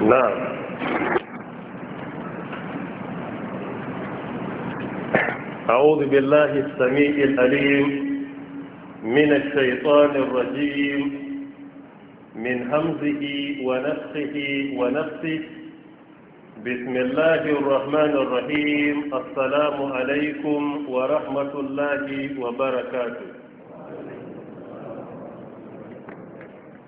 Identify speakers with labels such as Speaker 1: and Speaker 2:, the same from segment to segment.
Speaker 1: نعم أعوذ بالله السميع الأليم
Speaker 2: من الشيطان الرجيم
Speaker 1: من همزه ونفسه ونفسه بسم الله الرحمن الرحيم السلام عليكم ورحمة الله وبركاته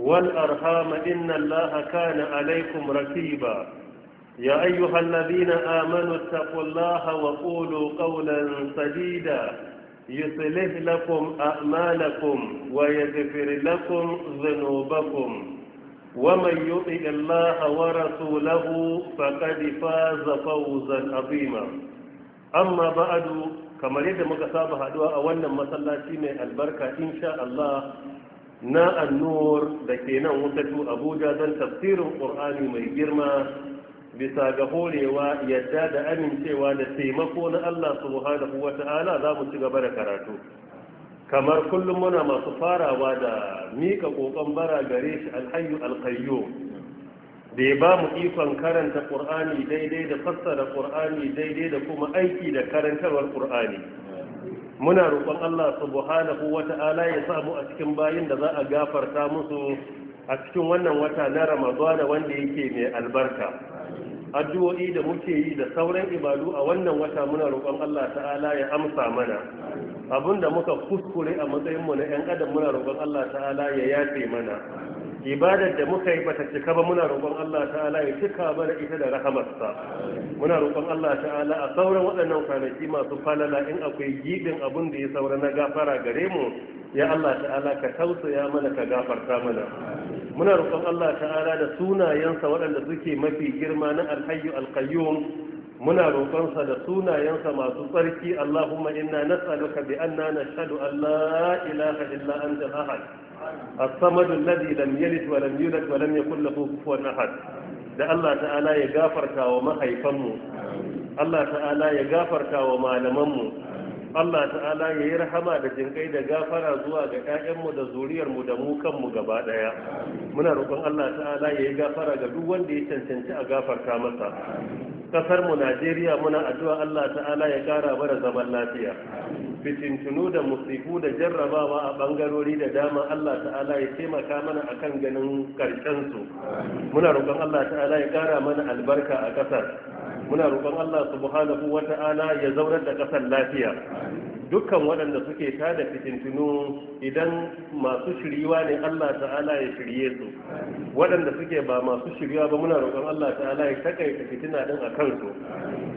Speaker 1: والأرحام إن الله كان عليكم ركيبا يا أيها الذين آمنوا اتقوا الله وقولوا قولا سديدا يصلح لكم أعمالكم ويغفر لكم ذنوبكم ومن يطع الله ورسوله فقد فاز فوزا عظيما أما بعد كما يد مكتاب هدوء أولا مسلاتي من البركة إن شاء الله na annur da ke nan tu abuja don tafsirin ƙur'ani mai girma bisa ga horewa yadda da amincewa da taimako na allah subhanahu wa ta'ala za mu ci gaba da karatu kamar kullum muna masu farawa da miƙa ƙoƙon bara gare shi alhayu alkayyo da ya ba mu ikon karanta ƙur'ani daidai da fassara ƙur'ani daidai da kuma aiki da karantarwar ƙur'ani muna roƙon Allah subhanahu wata'ala ya samu a cikin bayin da za a gafarta musu a cikin wannan wata na Ramadana wanda yake mai albarka addu'o'i da muke yi da sauran ibadu a wannan wata muna roƙon Allah ta'ala ya amsa mana abinda muka kuskure a matsayin mu na 'yan adam muna roƙon Allah ta'ala ya yafe mana ibadar da muka yi bata cika ba muna roƙon Allah ta'ala ya cika mana ita da rahamarsa muna roƙon Allah ta'ala a sauran waɗannan kwanaki masu falala in akwai gibin abin da ya saura na gafara gare mu ya Allah ta'ala ka tausaya mana ka gafarta mana muna roƙon Allah ta'ala da sunayensa waɗanda suke mafi girma na alhayyu alqayyum muna roƙonsa da sunayensa masu tsarki Allahumma inna nas'aluka bi anna nashhadu an la ilaha illa anta ahad as-samad alladhi lam yalid wa wa lam yakul lahu kufuwan ahad da Allah ta'ala ya gafarta wa mahaifanmu Allah ta'ala ya gafarta wa malamanmu Allah ta'ala ya yi rahama da jinkai da gafara zuwa ga 'ya'yanmu da zuriyarmu da mu kanmu gaba ɗaya muna roƙon Allah ta'ala ya yi gafara ga duk wanda ya cancanci a gafarta masa kasar mu Najeriya muna addu'a Allah ta'ala ya kara mana zaman lafiya fitintunu da musibu da jarrabawa a bangarori da dama Allah ta'ala ya taimaka mana a kan ganin karshen su muna roƙon Allah ta'ala ya kara mana albarka a ƙasar. muna roƙon Allah subhanahu wata'ala ya zaunar da ƙasar lafiya dukkan waɗanda suke tada fitintunu idan masu shiriwa ne Allah ta'ala ya shirye su waɗanda suke ba masu shiriwa ba muna roƙon Allah ta'ala ya takaita fitina din a kansu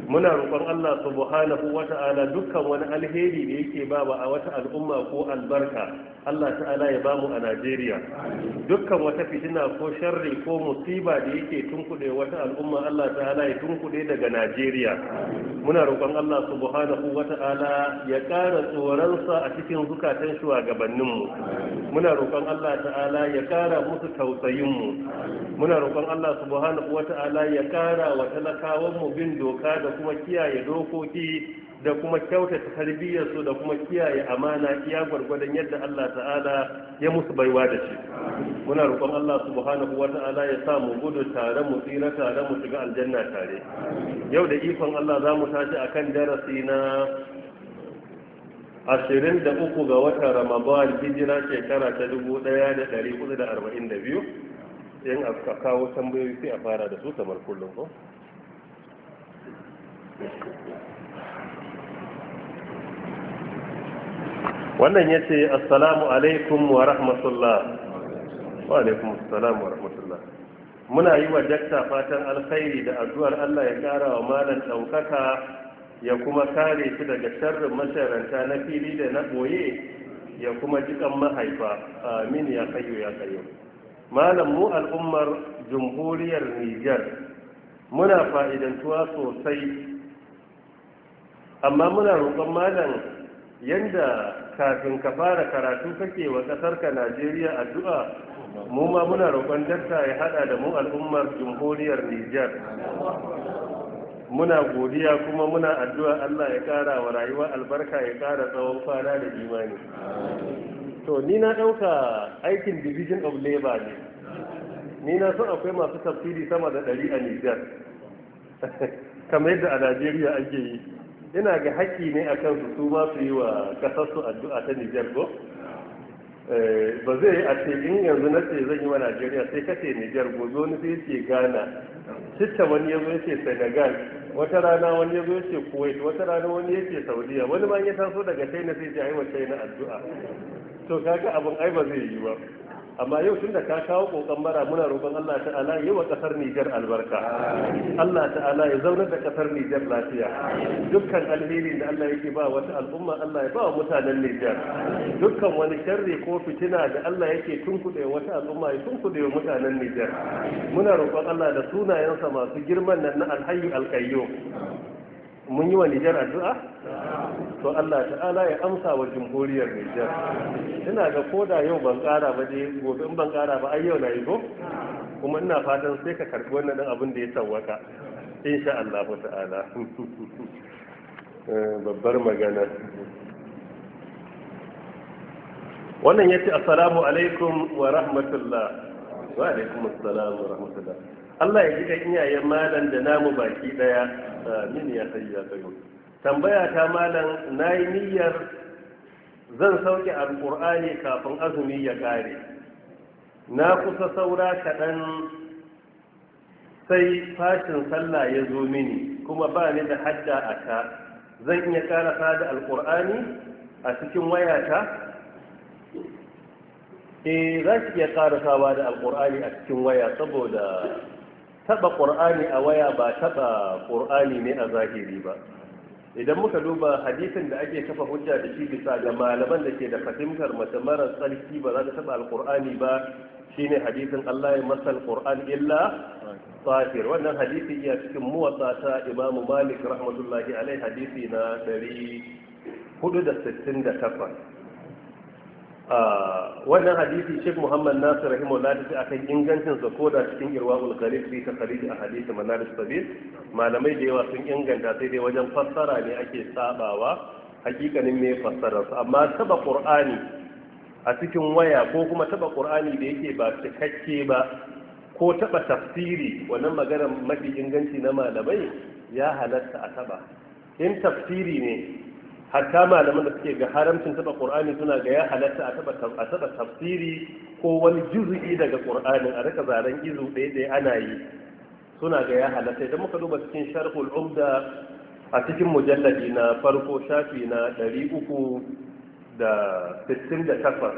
Speaker 1: muna roƙon Allah subhanahu wa ta'ala dukkan wani alheri da yake ba a wata al'umma ko albarka Allah ta'ala ya bamu a Najeriya dukkan wata fitina ko sharri ko musiba da yake tunkuɗe wata al'umma Allah ta'ala ya tunkuɗe daga Najeriya muna roƙon Allah subhanahu wa ta'ala ya ƙara tsoronsa a cikin zukatan shugabanni kakanninmu muna roƙon Allah ta'ala ya kara musu tausayinmu muna roƙon Allah subhanahu wata'ala ya kara wa talakawanmu bin doka da kuma kiyaye dokoki da kuma kyautata tarbiyyarsu da kuma kiyaye amana iya gwargwadon yadda Allah ta'ala ya musu baiwa da shi muna roƙon Allah subhanahu wa ya sa mu gudu tare mu tsira tare mu shiga aljanna tare yau da ikon Allah za mu tashi akan darasi na ashirin da uku ga wata ramadan hijira shekara ta dubu ɗaya da ɗari hudu da arba'in da biyu in aka kawo tambayoyi sai a fara da su kamar kullum ko wannan ya ce assalamu alaikum wa rahmatullah wa alaikum assalam wa rahmatullah muna yi wa dakta fatan alkhairi da addu'ar allah ya ƙara wa malam ɗaukaka ya kuma kare su daga sharrin masharanta na fili da na boye ya kuma jikan mahaifa amin ya kayo ya kayo malam mu al'ummar jamhuriyar niger muna fa'idantuwa sosai amma muna roƙon malam yadda kafin ka fara karatu kake wa ƙasarka najeriya addu'a mu ma muna roƙon dakta ya haɗa da mu al'ummar jamhuriyar niger muna godiya kuma muna addu'a Allah ya kara wa rayuwa albarka ya kara tsawon kwana da imani to ni na ɗauka aikin division of labor ne ni na so akwai masu tafsiri sama da ɗari a Nijar kamar yadda a Najeriya ake yi ina ga haƙƙi ne a kansu su ma su yi wa ƙasarsu addu'a ta Nijar ko eh, ba zai a ce in yanzu na ce zan yi wa Najeriya sai kace Nijar gobe wani sai ce Ghana citta wani yanzu ya ce Senegal wata rana wani ya zo ya ce kuwait wata rana wani ya ce saudiya wani ma ya taso daga china sai ce ai china addu'a to kaga abin ai zai yi ba amma yau tun da ka kawo kokon bara muna roƙon Allah ta'ala yi wa ƙasar Nijar albarka Allah ta'ala ya zaunar da ƙasar Nijar lafiya dukkan alheri da Allah yake ba wata al'umma Allah ya ba wa mutanen Nijar dukkan wani sharri ko fitina da Allah yake tunkuɗe wata al'umma ya tunkuɗe wa mutanen Nijar muna roƙon Allah da sunayensa masu girman nan na alhayyu alqayyum mun yi wa Nijar addu'a? To Allah ta'ala ya amsa wa jimhuriyar Nijar. Ina ga koda yau ban ƙara ba je gobe in ban ƙara ba ai yau na yi go? Kuma ina fatan sai ka karɓi wannan ɗan abin da ya In sha Allah ta'ala. Eh, babbar magana. Wannan ya ce Assalamu alaikum wa rahmatullah. Wa alaikum assalam wa rahmatullah. Allah ya ji iyayen malam da namu baki daya amin ya hayyu ya tambaya ta malam nayi niyyar zan sauke alqur'ani kafin azumi ya kare na kusa saura kaɗan sai fashin sallah ya zo mini kuma ba ni da hadda a ta zan iya ƙara da alkur'ani a cikin wayata e za ki iya karasawa da Alƙur'ani a cikin waya saboda taba qur'ani a waya ba taba qur'ani ne a zahiri ba idan muka duba hadisin da ake kafa hujja da shi bisa ga malaman da ke da fahimtar mace mara tsarki ba za ta taba alqur'ani ba shine hadisin Allah ya masal qur'an illa safir wannan hadisi iya cikin muwatta ta Imam Malik rahmatullahi alaihi hadisi na 468 wannan hadisi Sheikh Muhammad Nasir rahimahullah a akan ingancin sa koda cikin irwaul gharib fi takhrij a hadisi manaris sabil malamai da yawa sun inganta sai dai wajen fassara ne ake sabawa hakikanin me fassarar amma taba qur'ani a cikin waya ko kuma taba qur'ani da yake ba cikakke ba ko taba tafsiri wannan magana mafi inganci na malamai ya halatta a taba in tafsiri ne hatta malaman da suke ga haramcin taba qur'ani suna ga ya halatta a taba a taba tafsiri ko wani juz'i daga qur'ani a rika zaran izu ɗaya ɗaya ana yi suna ga ya halatta idan muka duba cikin sharhul umda a cikin mujalladi na farko shafi na takwas,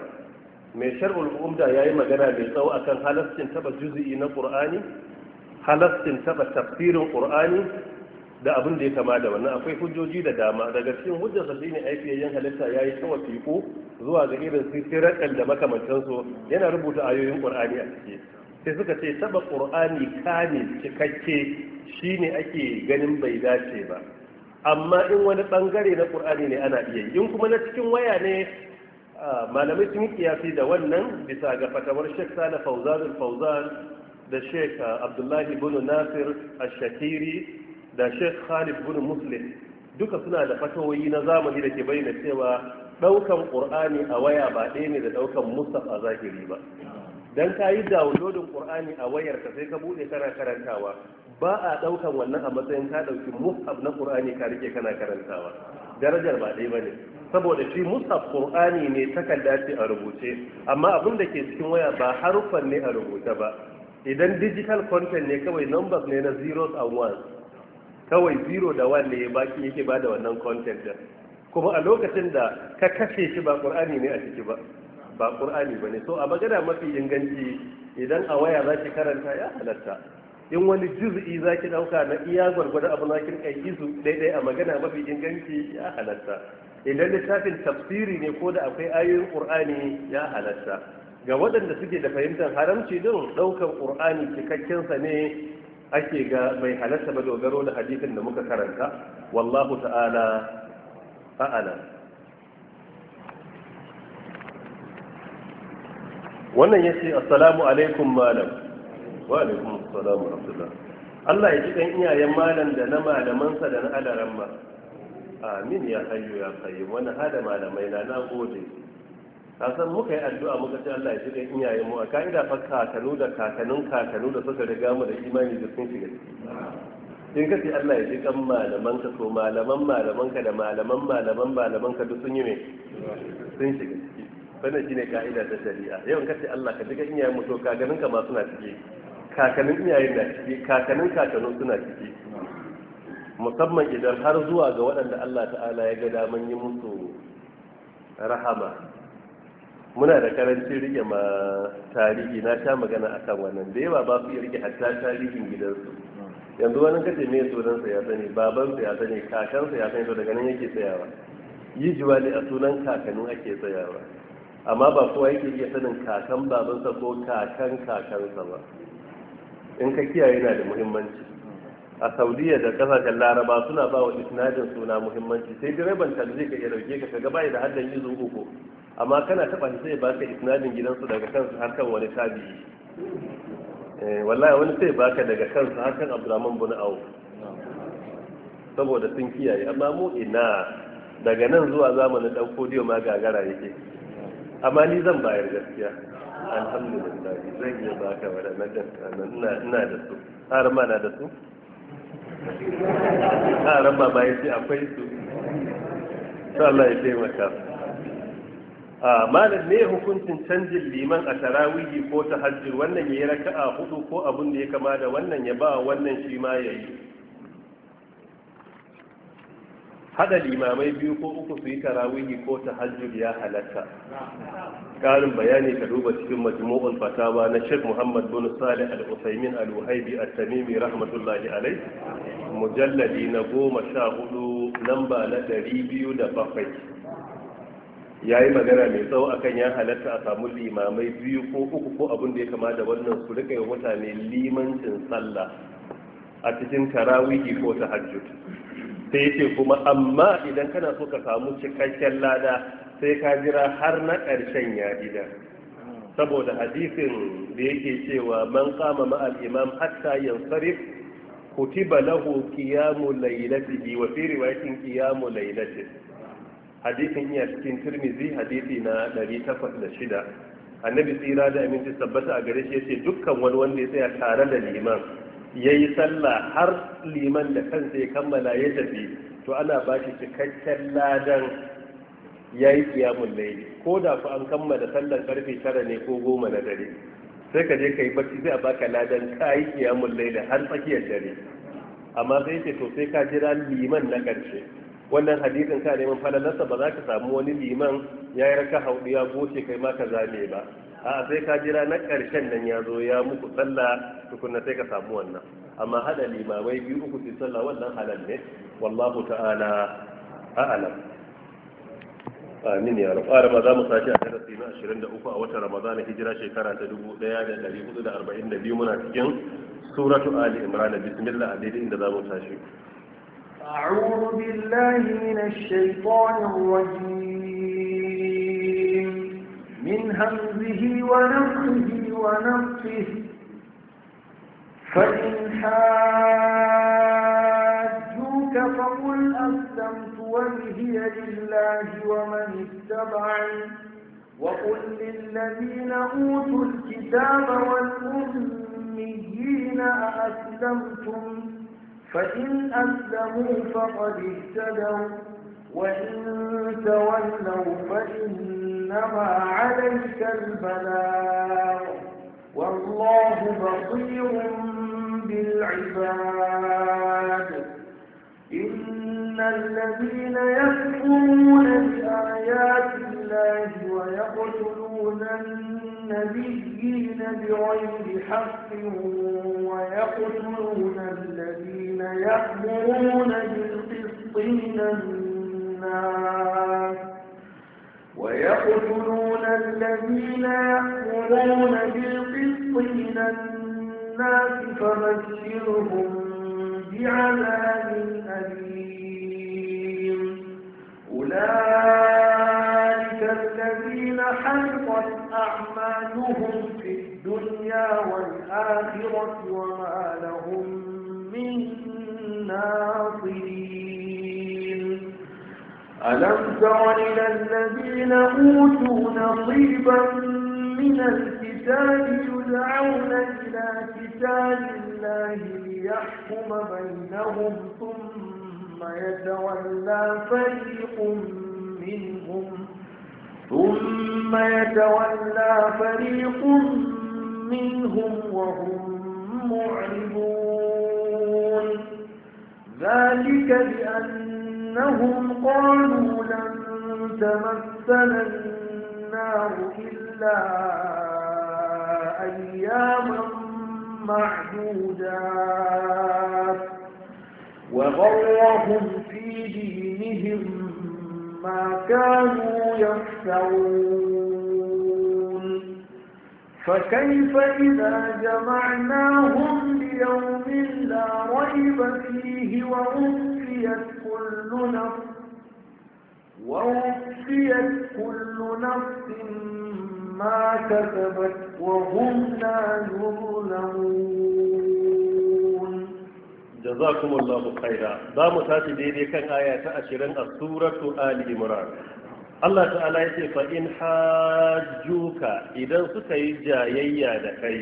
Speaker 1: mai sharhul umda yayi magana mai tsawo akan halascin taba juz'i na qur'ani halascin taba tafsirin qur'ani da abin da ya kama da wannan akwai hujjoji da dama daga cikin hujjar sa shine aifiyayyen halitta yayi sama fiko zuwa ga irin su sirran da makamantan su yana rubuta ayoyin Qur'ani a ciki sai suka ce taba Qur'ani kane cikakke shine ake ganin bai dace ba amma in wani bangare na Qur'ani ne ana iya in kuma na cikin waya ne malamai sun kiyasi da wannan bisa ga fatawar Sheikh Salih fauzan da Sheikh Abdullahi bin Nasir Ash-Shakiri da sheikh khalid bin muslim duka suna da fatawoyi na zamani da ke bayyana cewa daukan qur'ani a waya ba ɗaya ne da daukan mustafa a zahiri ba dan ka yi downloading qur'ani a ka sai ka bude kana karantawa ba a daukan wannan a matsayin ka dauki mushaf na qur'ani ka rike kana karantawa darajar ba ɗaya bane saboda shi mushaf qur'ani ne takarda ce a rubuce amma abin da ke cikin waya ba harufan ne a rubuce ba idan digital content ne kawai numbers ne na zeros and ones kawai biro da one ne baki yake ba da wannan content din kuma a lokacin da ka kashe shi ba qur'ani ne a ciki ba ba qur'ani bane so a magana mafi inganci idan a waya zaki karanta ya halatta in wani juz'i zaki dauka na iya gwargwadon abu na kin kai izu daidai a magana mafi inganci ya halatta idan littafin tafsiri ne ko da akwai ayoyin qur'ani ya halatta ga waɗanda suke da fahimtar haramci din ɗaukar ƙur'ani cikakken sa ne ake ga mai halatta ba dogaro da hadisin da muka karanta wallahu ta'ala a'ala wannan ya ce assalamu alaikum malam wa alaikum assalamu rahmatullah Allah ya ji dan iyayen malam da na malamansa da na alaran ma amin ya hayyu ya qayyim wani hada malamai na gode. kasan muka yi addu'a muka ce Allah ya shiga iyayen mu a ka'ida fa kakanu da kakanun kakanu da suka riga mu da imani da sun shiga in ka ce Allah ya shiga malaman ka so malaman malaman ka da malaman malaman malaman ka duk sun yi ne sun shiga shi shine ka'ida ta shari'a yau in ka ce Allah ka shiga iyayen mu to kakanin ka ma suna ciki Kakanin iyayen na ciki Kakanin kakanun suna ciki musamman idan har zuwa ga waɗanda Allah ta'ala ya ga daman yi musu rahama muna da karancin rike ma tarihi na sha magana akan wannan da yawa ba su iya rike hatta tarihin gidansu yanzu wani kace me sunansa ya sani babansa ya sani kakansa ya sani to daga nan yake tsayawa yi ne a sunan kakannin ake tsayawa amma ba kowa yake iya sanin kakan babansa ko kakan kakansa ba in ka kiyaye yana da muhimmanci a saudiya da kasashen laraba suna ba wa isnadin suna muhimmanci sai direban taxi ka iya dauke ka ga bai da haddan izu uku amma kana taba shi sai baka isnadin gidansu daga kansu har kan wani tabi'i eh, wallahi wani sai baka daga kansu har kan Abdurrahman bin awu saboda sun kiyaye amma mu ina daga nan zuwa zamanin dan kodiyo ma gagara yake amma ni zan bayar gaskiya alhamdulillah zan iya baka wadannan gaskiya ina da su har ma na da su
Speaker 3: har ma bayan sai
Speaker 1: akwai su Allah ya taimaka malam ne hukuncin canjin liman a tarawihi ko ta hajji wannan ya yi raka'a hudu ko abin da ya kama da wannan ya ba wannan shi ma ya yi hada limamai biyu ko uku su yi tarawihi ko ta hajji ya halatta karin bayani ka duba cikin majmu'ul fatawa na Sheikh Muhammad bin Salih Al-Utsaimin Al-Wahibi At-Tamimi rahmatullahi Alai mujalladi na goma sha hudu lamba na ɗari biyu da bakwai ya yi magana mai tsawo akan ya halatta a samu limamai biyu ko uku ko abin da ya kama da wannan su rika yi mutane limancin sallah a cikin tarawihi ko ta hajjut sai ce kuma amma idan kana so ka samu cikakken lada sai ka jira har na ƙarshen ya saboda hadisin da yake cewa man kama ma'al imam hatta yansarif kutiba lahu qiyamu laylatihi wa fi riwayatin qiyamu laylatihi hadisin iya cikin tirmizi hadisi na 806 annabi tsira da aminci tabbata a gare shi yace dukkan wani wanda ya tsaya tare da liman yayi sallah har liman da kansa ya kammala ya tafi to ana ba shi cikakken ladan yayi qiyamul layl ko da ku an kammala sallar karfe tara ne ko goma na dare sai ka je kai barci sai a baka ladan kai qiyamul layl har tsakiyar dare amma sai ce to sai ka jira liman na karshe wannan hadisin ka neman falalarsa ba za ka samu wani liman ya yi raka haudu ya goce kai ma ka zame ba a sai ka jira na ƙarshen nan ya zo ya muku tsalla tukuna sai ka samu wannan amma haɗa limamai biyu uku su sallah wannan halal ne wallahu ta'ala a'lam amin ya rabu arama za mu sashi a darasi na uku a watan ramadan hijira shekara ta 1442 muna cikin suratu ali imran bismillah a daidai inda za mu tashi
Speaker 4: أعوذ بالله من الشيطان الرجيم من همزه ونفسه ونفخه فإن حاجوك فقل أسلمت وجهي لله ومن اتبعي وقل للذين أوتوا الكتاب والأميين أأسلمتم فإن أسلموا فقد اهتدوا وإن تولوا فإنما عليك البلاغ والله بصير بالعباد إن الذين يكفرون بآيات الله ويقتلون الناس النبيين بغير حق ويقتلون الذين يأمرون بالقسط من الناس ويقتلون الذين يأمرون بالقسط من الناس فبشرهم بعذاب أليم أولئك الذين حلقت أعمالهم في الدنيا والآخرة وما لهم من ناصرين ألم تر إلى الذين أوتوا نصيبا من الكتاب يدعون إلى كتاب الله ليحكم بينهم ثم يتولى فريق منهم ثم يتولى فريق منهم وهم معرضون ذلك بأنهم قالوا لن تمثل النار إلا أياما معدودات وغرهم في دينهم ما كانوا يفترون فكيف إذا جمعناهم ليوم لا ريب فيه ووفيت كل نفس ووفيت كل نفس ما كسبت وهم لا يظلمون
Speaker 1: jazakumullahu khaira za mu tashi daidai kan aya ta ashirin a suratu ali imran Allah ta'ala ya ce faɗin in hajjuka idan suka yi jayayya da kai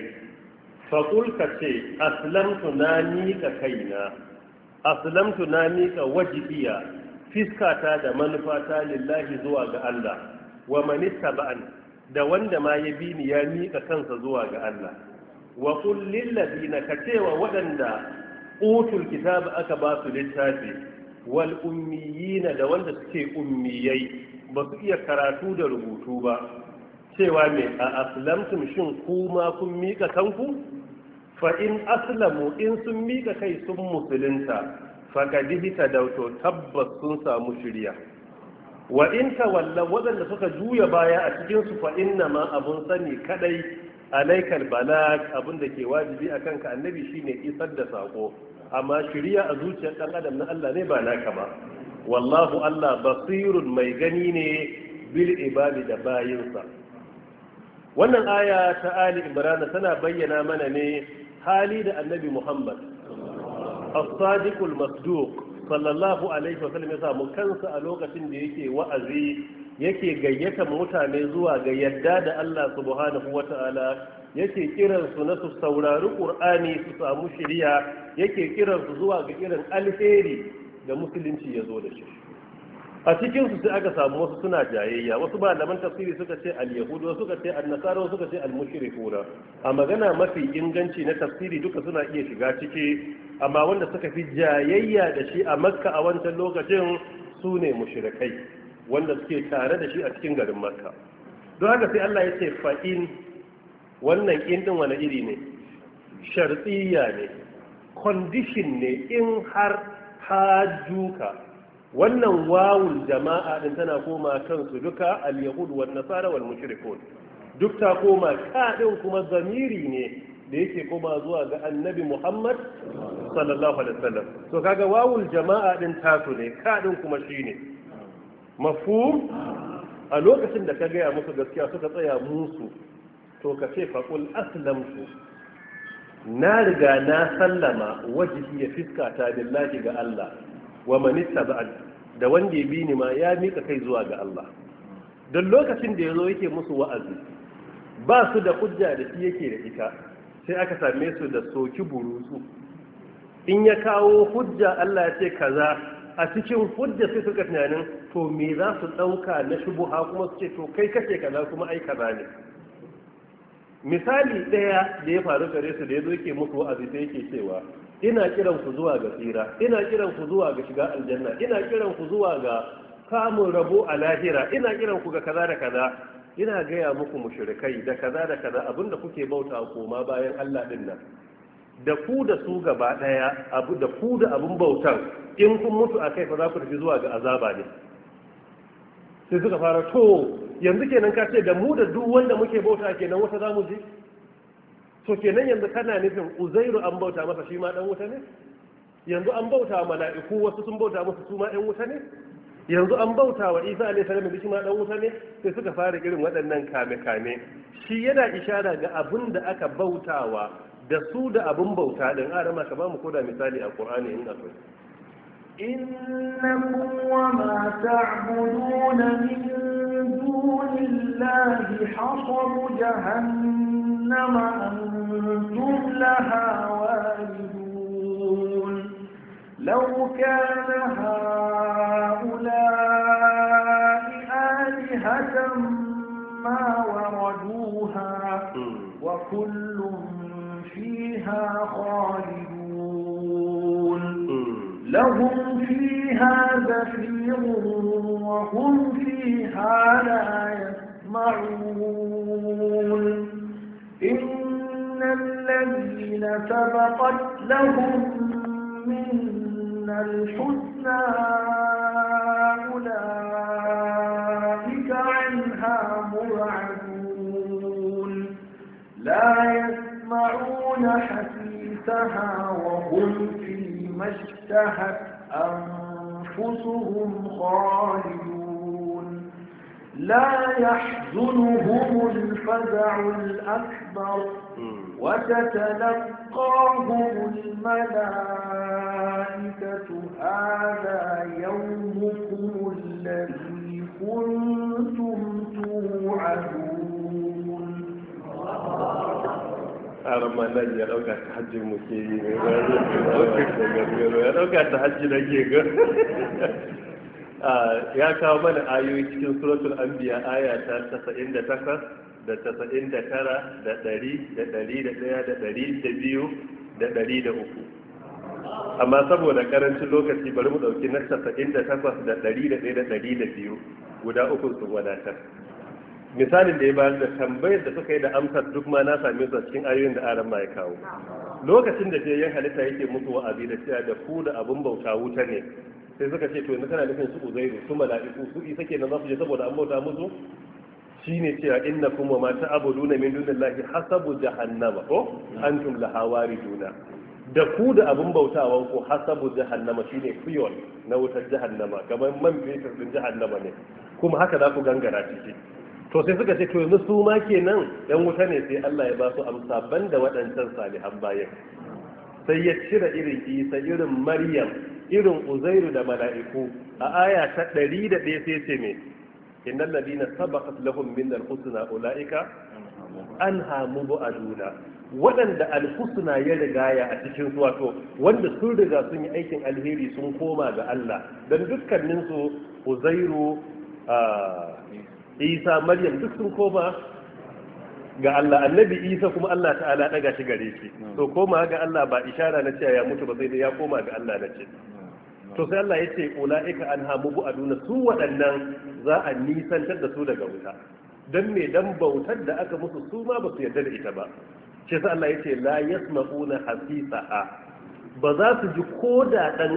Speaker 1: fa ka ce aslamtu na miƙa kaina aslamtu na miƙa wajibiya fiskata da manufata lillahi zuwa ga Allah wa man ittaba'an da wanda ma ya bi ni ya miƙa kansa zuwa ga Allah wa qul lil wa waɗanda utul kitab aka ba su littafi wal ummiyina da wanda suke ummiyai ba su iya karatu da rubutu ba cewa me a aslamtum shin kuma kun mika kanku fa in aslamu in sun mika kai sun musulunta fakadihita da to tabbas sun samu shirya wa in tawalla waɗanda suka juya baya a cikin su fa inna ma abun sani kadai alaikal balag abinda da ke wajibi akan ka annabi shine isar da sako amma shiriya a zuciyar ɗan adam na Allah ne ba naka ba wallahu Allah basirun mai gani ne bil ibadi da bayinsa wannan aya ta Ali Imran tana bayyana mana ne hali da Annabi Muhammad as-sadiqul masduq sallallahu alaihi wasallam ya samu kansa a lokacin da yake wa'azi yake gayyata mutane zuwa ga yadda da Allah subhanahu wata'ala yake kiransu na su saurari ƙur'ani su samu shirya yake kiransu zuwa ga irin alheri da musulunci ya zo da shi a cikinsu sai aka samu wasu suna jayayya wasu ba malaman tafsiri suka ce al-yahudu wasu suka ce an-nasara suka ce al a magana mafi inganci na tafsiri duka suna iya shiga ciki amma wanda suka fi jayayya da shi a makka a wancan lokacin su ne mushrikai wanda suke tare da shi a cikin garin makka don haka sai Allah ya ce fa'in wannan in wani iri ne Shartsiya ne condition ne in har hajjuka wannan wawul jama'a din tana koma kansu duka al-yahud wa nasara wal mushrikun duk ta koma kaɗin din kuma zamiri ne da yake koma zuwa ga annabi Muhammad sallallahu alaihi wasallam to kaga wawul jama'a din tasu ne ka din kuma shine mafhum a lokacin da ka gaya musu gaskiya suka tsaya musu to ka ce faƙul aslamtu na riga na sallama wajibi ya fiska ta billahi ga Allah wa manista ba da wanda ya bi ni ma ya mika kai zuwa ga Allah don lokacin da ya zo yake musu wa'azi ba su da kujja da shi yake da ita sai aka same su da soki burutsu in ya kawo hujja Allah ya ce kaza a cikin hujja sai suka tunanin to me za su ɗauka na shubuha kuma su ce to kai kace kaza kuma ai kaza ne misali ɗaya da ya faru gare su da ya zo yake muku wa'azi sai yake cewa ina kiran ku zuwa ga tsira ina kiran ku zuwa ga shiga aljanna ina kiran ku zuwa ga kamun rabo a lahira ina kiran ku ga kaza da kaza ina gaya muku mushrikai da kaza da kaza abinda kuke bauta koma bayan Allah din nan da ku da su gaba daya abu da ku da abun bautan in kun mutu akai fa za ku tafi zuwa ga azaba ne sai suka fara to yanzu kenan ka ce da mu da duk wanda muke bauta kenan wata za mu je to kenan yanzu kana nufin uzairu an bauta masa shi ma dan wuta ne yanzu an bauta wa mala'iku wasu sun bauta musu su ma ɗan wuta ne yanzu an bauta wa isa alaihi salam da shi ma dan wuta ne sai suka fara irin waɗannan kame-kame shi yana ishara ga abin da aka bautawa da su da abin bauta ɗin arama ka ba mu koda misali a ƙur'ani in akwai
Speaker 4: إنكم وما تعبدون من دون الله حصب جهنم أنتم لها واردون لو كان هؤلاء آلهة ما وردوها وكل فيها خالدون لهم فيها زفير وهم فيها لا يسمعون إن الذين سبقت لهم منا الحسنى أولئك عنها مرعبون لا يسمعون حسنا اشتهى في فيما اشتهت أنفسهم خالدون لا يحزنهم الفزع الأكبر وتتلقاهم الملائكة هذا يومكم
Speaker 3: tsaron
Speaker 1: manan ya ɗauka ta mu ke yi ne ya ɗauka ta hajji na ke ga ya kawo mana ayoyi cikin suratul anbiya aya ta 98 da 99 da 100 da tara da ɗari da da uku amma saboda karancin lokaci bari mu ɗauki na 98 da takwas da da biyu guda uku su wadatar misalin da ya bayar da tambayar da suka yi da amsar duk ma na same su a cikin ayoyin da aran ma ya kawo lokacin da yin halitta yake mutu wa'azi da cewa da ku da abin bauta wuta ne sai suka ce to yanzu kana nufin su uzairu su mala'iku su isa kenan za su je saboda an bauta musu shine cewa inna kuma ma ta ta'buduna min dunillahi hasabu jahannama ko antum laha wariduna da ku da abin bautawan ku hasabu jahannama shine fuel na wutar jahannama kamar man fetur din jahannama ne kuma haka za ku gangara ciki to sai suka ce to yanzu su ma kenan dan wuta ne sai Allah ya ba su amsa banda waɗancan salihan bayan sai ya cire irin Isa irin Maryam irin Uzairu da mala'iku a aya ta 101 sai ce me innal ladina sabaqat lahum min al-husna ulaika anha mubaduna waɗanda alhusna ya rigaya a cikin wato wanda sun riga sun yi aikin alheri sun koma ga Allah dan dukkaninsu Uzairu ah, isa maryam duk sun koma ga Allah annabi isa kuma Allah ta'ala daga shi gare shi to koma ga Allah ba ishara na cewa ya mutu ba sai ya koma ga Allah na ce to sai Allah ya ula'ika an hamu bu aduna su wadannan za a nisantar da su daga wuta dan me dan bautar da aka musu su ma ba su yarda da ita ba shi sai Allah ya la yasma'una hasisaha ba za su ji koda dan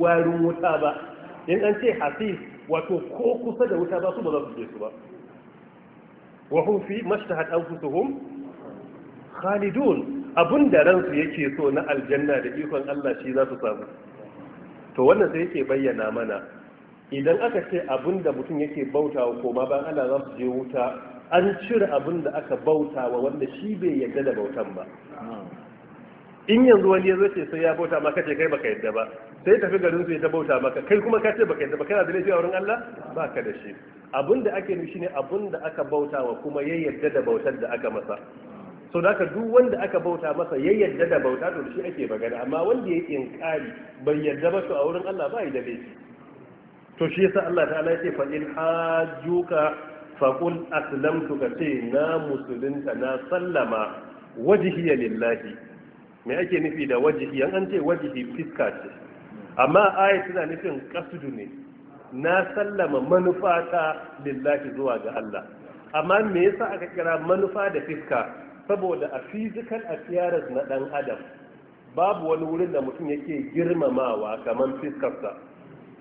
Speaker 1: warin wuta ba in an ce hasis wato ko kusa da wuta ba su ba za su je su ba wa hum fi mashtahat anfusuhum khalidun abinda ransu yake so na aljanna da ikon Allah shi za su samu to wannan sai yake bayyana mana idan aka ce abinda mutum yake bautawa ko ma ban Allah za su je wuta an cire abin da aka bautawa wanda shi bai yarda da bautan ba in yanzu wani ya zo ce sai ya bauta maka ce kai baka yadda ba sai tafi garin su ta bauta maka kai kuma ka ce baka yadda ba kana da laifi a wurin Allah ba ka da shi abin da ake nufi shine abin da aka bauta wa kuma ya yadda da bautar da aka masa so da haka duk wanda aka bauta masa ya yadda da bauta to shi ake magana amma wanda ya yi inkari bai yadda ba to a wurin Allah ba da laifi to shi yasa Allah ta'ala ya ce fa in fa qul aslamtu ka ce na musulunta na sallama wajhiya lillahi me ake nufi da wajihi yan an ce wajihi fiska ce amma ayat tana nufin kasudu ne na sallama manufa ta lillahi zuwa ga Allah amma me yasa aka kira manufa da fiska saboda a physical appearance na dan adam babu wani wurin da mutum yake girmamawa kamar fiskarsa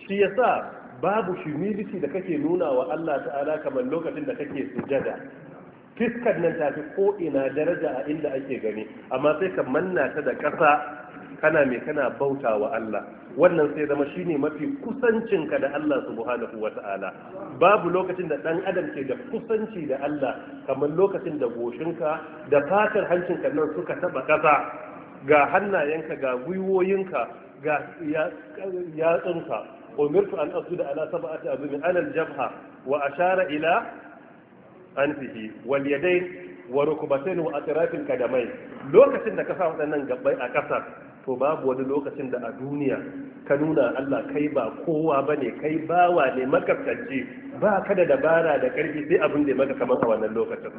Speaker 1: shi yasa babu humility da kake nuna wa Allah ta'ala kamar lokacin da kake sujada fiskar nan tafi ko ina daraja a inda ake gani amma sai ka manna ta da ƙasa kana mai kana bauta wa Allah wannan sai zama shine mafi kusancinka da Allah subhanahu wa ta'ala babu lokacin da ɗan adam ke da kusanci da Allah kamar lokacin da goshinka da fatar hancinka nan suka taɓa ƙasa ga hannayenka ga gwiwoyinka ga yatsunka umirtu an da ala sab'ati azumin ala al-jabha wa ashara ila anfihi wal yadayn wa rukubatain wa atrafil kadamai lokacin da ka sa waɗannan gabbai a ƙasa to babu wani lokacin da a duniya ka nuna Allah kai ba kowa bane kai bawa ne makaftanci ba ka da dabara da karfi sai abin da maka kamar a wannan lokacin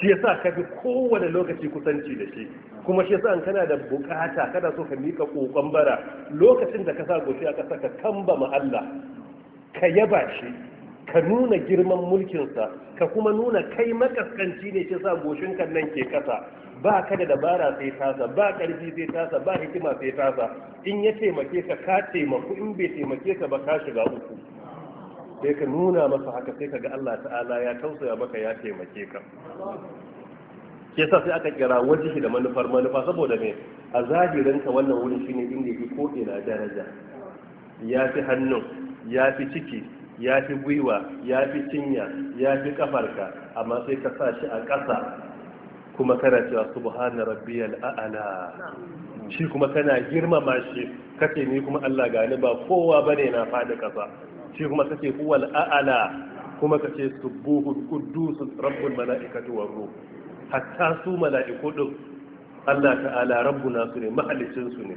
Speaker 1: shi yasa ka fi kowane lokaci kusanci da shi kuma shi yasa kana da bukata kana so ka mika kokon bara lokacin da ka sa goshi a ƙasa ka kamba ma Allah ka yaba shi ka nuna girman mulkinsa ka kuma nuna kai makaskanci ne ke sa kan nan ke kasa ba ka da dabara sai tasa ba karfi sai tasa ba hikima sai tasa in ya taimake ka ka taimaku in bai taimake ka ba ka shiga uku sai ka nuna masa haka sai ka ga Allah ta'ala ya tausaya maka ya taimake ka ke sa sai aka kira wajihi da manufar manufa saboda me a zahirinka wannan wurin shine inda yake ko ina daraja ya fi hannun ya fi ciki ya fi gwiwa ya fi cinya ya fi kafarka amma sai ka sa shi a ƙasa kuma kana cewa subhana rabbiyal a'la shi kuma kana girmama shi kace ni kuma Allah ni ba kowa bane na fadi ƙasa shi kuma kace huwal a'la kuma kace subbuhu quddus rabbul malaikatu war ruh hatta su mala'iku din Allah ta'ala rabbuna su ne mahallicin su ne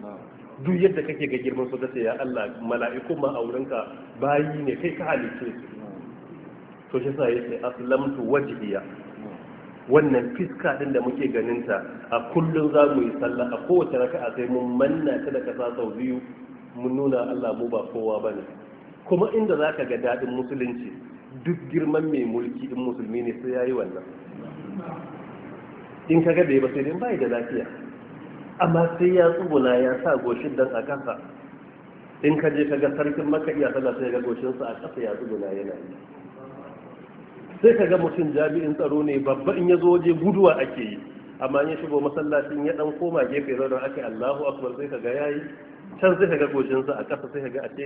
Speaker 1: duk yadda kake ga girman su kace ya Allah mala'iku ma aurinka bayi ne kai ka halice su to shi sa yake aslamtu wajhiya wannan fiska din da muke ganin ta a kullun za mu yi sallah a kowace raka'a sai mun manna ta da kasa sau biyu mun nuna Allah mu ba kowa bane kuma inda zaka ga dadin musulunci duk girman mai mulki din musulmi ne sai yayi wannan in kaga bai ba sai dai bai da lafiya amma sai ya tsuguna ya sa goshin dan a kasa in ka je kaga sarkin maka iya sana sai ga goshin a kasa ya tsuguna yana yi sai kaga mutum jami'in tsaro ne babba in ya zo waje guduwa ake yi amma ya shigo masallacin ya dan koma gefe zauna ake Allahu akbar sai kaga yayi can sai kaga goshin sa a kasa sai kaga a ce